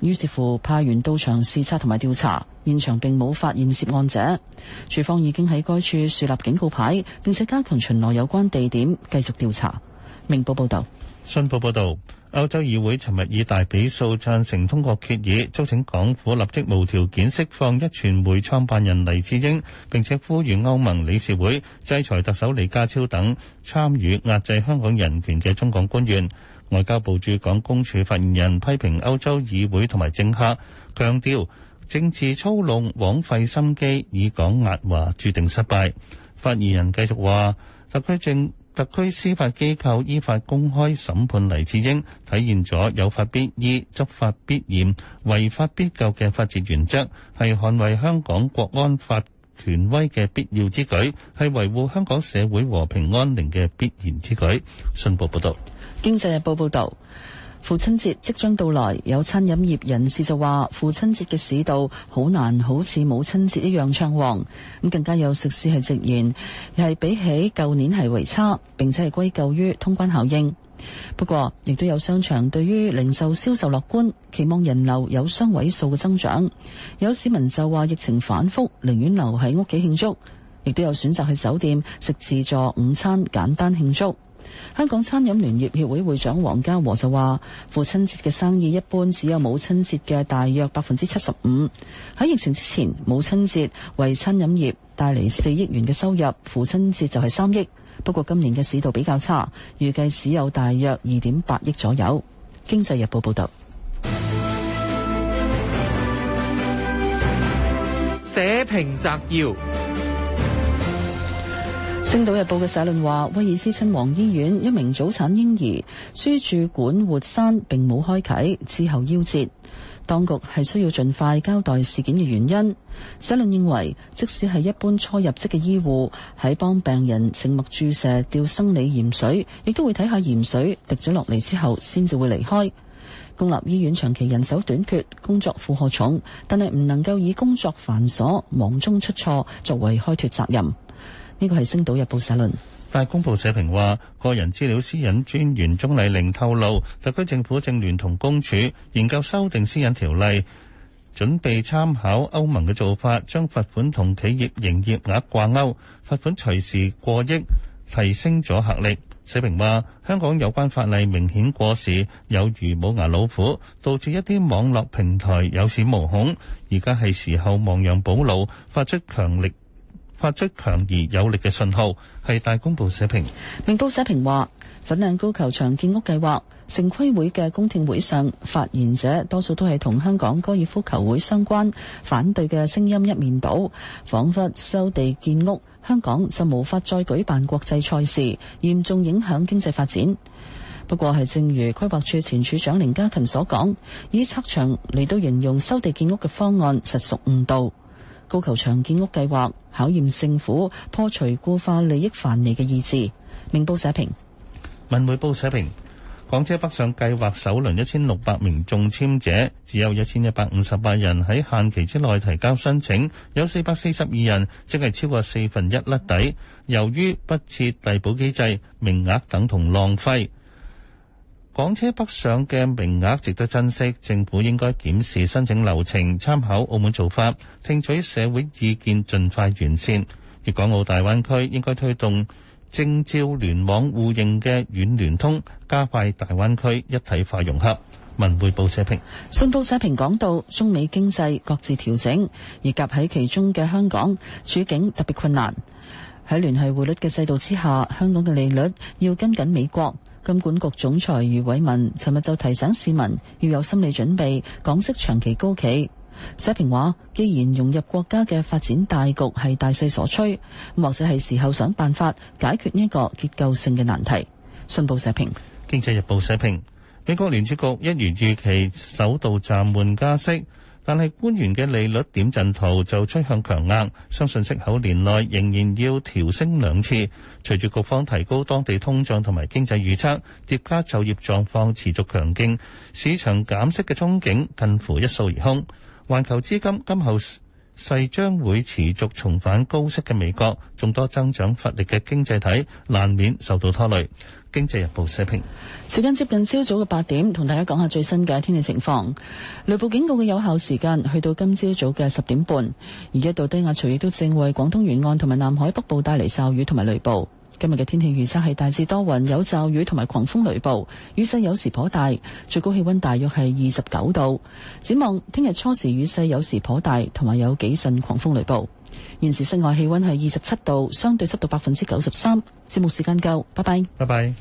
於是乎派員到場視察同埋調查。現場並冇發現涉案者，警方已經喺該處樹立警告牌，並且加強巡邏有關地點，繼續調查。明報報道：「信報報道，歐洲議會尋日以大比數贊成通過決議，促請港府立即無條件釋放一傳媒創辦人黎智英，並且呼籲歐盟理事會制裁特首李家超等參與壓制香港人權嘅中港官員。外交部駐港公署發言人批評歐洲議會同埋政客，強調，政治操弄、枉費心機，以港壓華，注定失敗。發言人繼續話：特區政、特區司法機構依法公開審判黎智英，體現咗有法必依、執法必嚴、違法必究嘅法治原則，係捍衛香港國安法權威嘅必要之舉，係維護香港社會和平安寧嘅必然之舉。信報報道。《經濟日報》報道。父親節即將到來，有餐飲業人士就話，父親節嘅市道好難，好似母親節一樣暢旺。咁更加有食肆係直言，又係比起舊年係為差，並且係歸咎於通關效應。不過，亦都有商場對於零售銷售樂觀，期望人流有雙位數嘅增長。有市民就話，疫情反覆，寧願留喺屋企慶祝，亦都有選擇去酒店食自助午餐，簡單慶祝。香港餐飲聯業協會會長黃家和就話：父親節嘅生意一般只有母親節嘅大約百分之七十五。喺疫情之前，母親節為餐飲業帶嚟四億元嘅收入，父親節就係三億。不過今年嘅市道比較差，預計只有大約二點八億左右。經濟日報報道。社評摘要。《星島日報》嘅社論話，威爾斯親王醫院一名早產嬰兒輸注管活塞並冇開啟之後夭折，當局係需要盡快交代事件嘅原因。社論認為，即使係一般初入職嘅醫護，喺幫病人靜脈注射吊生理鹽水，亦都會睇下鹽水滴咗落嚟之後，先至會離開。公立醫院長期人手短缺，工作負荷重，但係唔能夠以工作繁瑣、忙中出錯作為開脫責任。呢個係《星島日報》社論，大公報社評話，個人資料私隱專員鍾麗玲透露，特區政府正聯同公署研究修訂私隱條例，準備參考歐盟嘅做法，將罰款同企業營業額掛鈎，罰款隨時過億，提升咗效力。社評話，香港有關法例明顯過時，有如冇牙老虎，導致一啲網絡平台有恃無恐。而家係時候亡羊補牢，發出強力。發出強而有力嘅信號，係大公報社評。明報社評話，粉嶺高球場建屋計劃，城規會嘅公聽會上發言者，多數都係同香港高爾夫球會相關，反對嘅聲音一面倒，仿佛收地建屋，香港就無法再舉辦國際賽事，嚴重影響經濟發展。不過係正如規劃署前署長凌嘉勤所講，以測場嚟到形容收地建屋嘅方案，實屬誤導。高球場建屋計劃考驗政府破除固化利益藩籬嘅意志。明報社評，文匯報社評，港車北上計劃首輪一千六百名中簽者，只有一千一百五十八人喺限期之內提交申請，有四百四十二人，即係超過四分一甩底。由於不設遞補機制，名額等同浪費。港車北上嘅名額值得珍惜，政府應該檢視申請流程，參考澳門做法，聽取社會意見，盡快完善。粵港澳大灣區應該推動證照聯網互認嘅軟聯通，加快大灣區一體化融合。文匯報社評，信報社評講到，中美經濟各自調整，而夾喺其中嘅香港處境特別困難。喺聯繫匯率嘅制度之下，香港嘅利率要跟緊美國。金管局總裁余偉文尋日就提醒市民要有心理準備，港息長期高企。社評話：既然融入國家嘅發展大局係大勢所趨，或者係時候想辦法解決呢一個結構性嘅難題。信報社評、經濟日報社評，美國聯儲局一如預期首度暫緩加息。但係官員嘅利率點陣圖就趨向強硬，相信息口年內仍然要調升兩次。隨住局方提高當地通脹同埋經濟預測，疊加就業狀況持續強勁，市場減息嘅憧憬近乎一掃而空。環球資金今後勢將會持續重返高息嘅美國，眾多增長乏力嘅經濟體難免受到拖累。經濟日報社評：時間接近朝早嘅八點，同大家講下最新嘅天氣情況。雷暴警告嘅有效時間去到今朝早嘅十點半，而一道低壓槽亦都正為廣東沿岸同埋南海北部帶嚟驟雨同埋雷暴。今日嘅天氣預測係大致多雲，有驟雨同埋狂風雷暴，雨勢有時頗大，最高氣温大約係二十九度。展望聽日初時雨勢有時頗大，同埋有幾陣狂風雷暴。現時室外氣溫係二十七度，相對濕度百分之九十三。節目時間夠，拜拜。拜拜。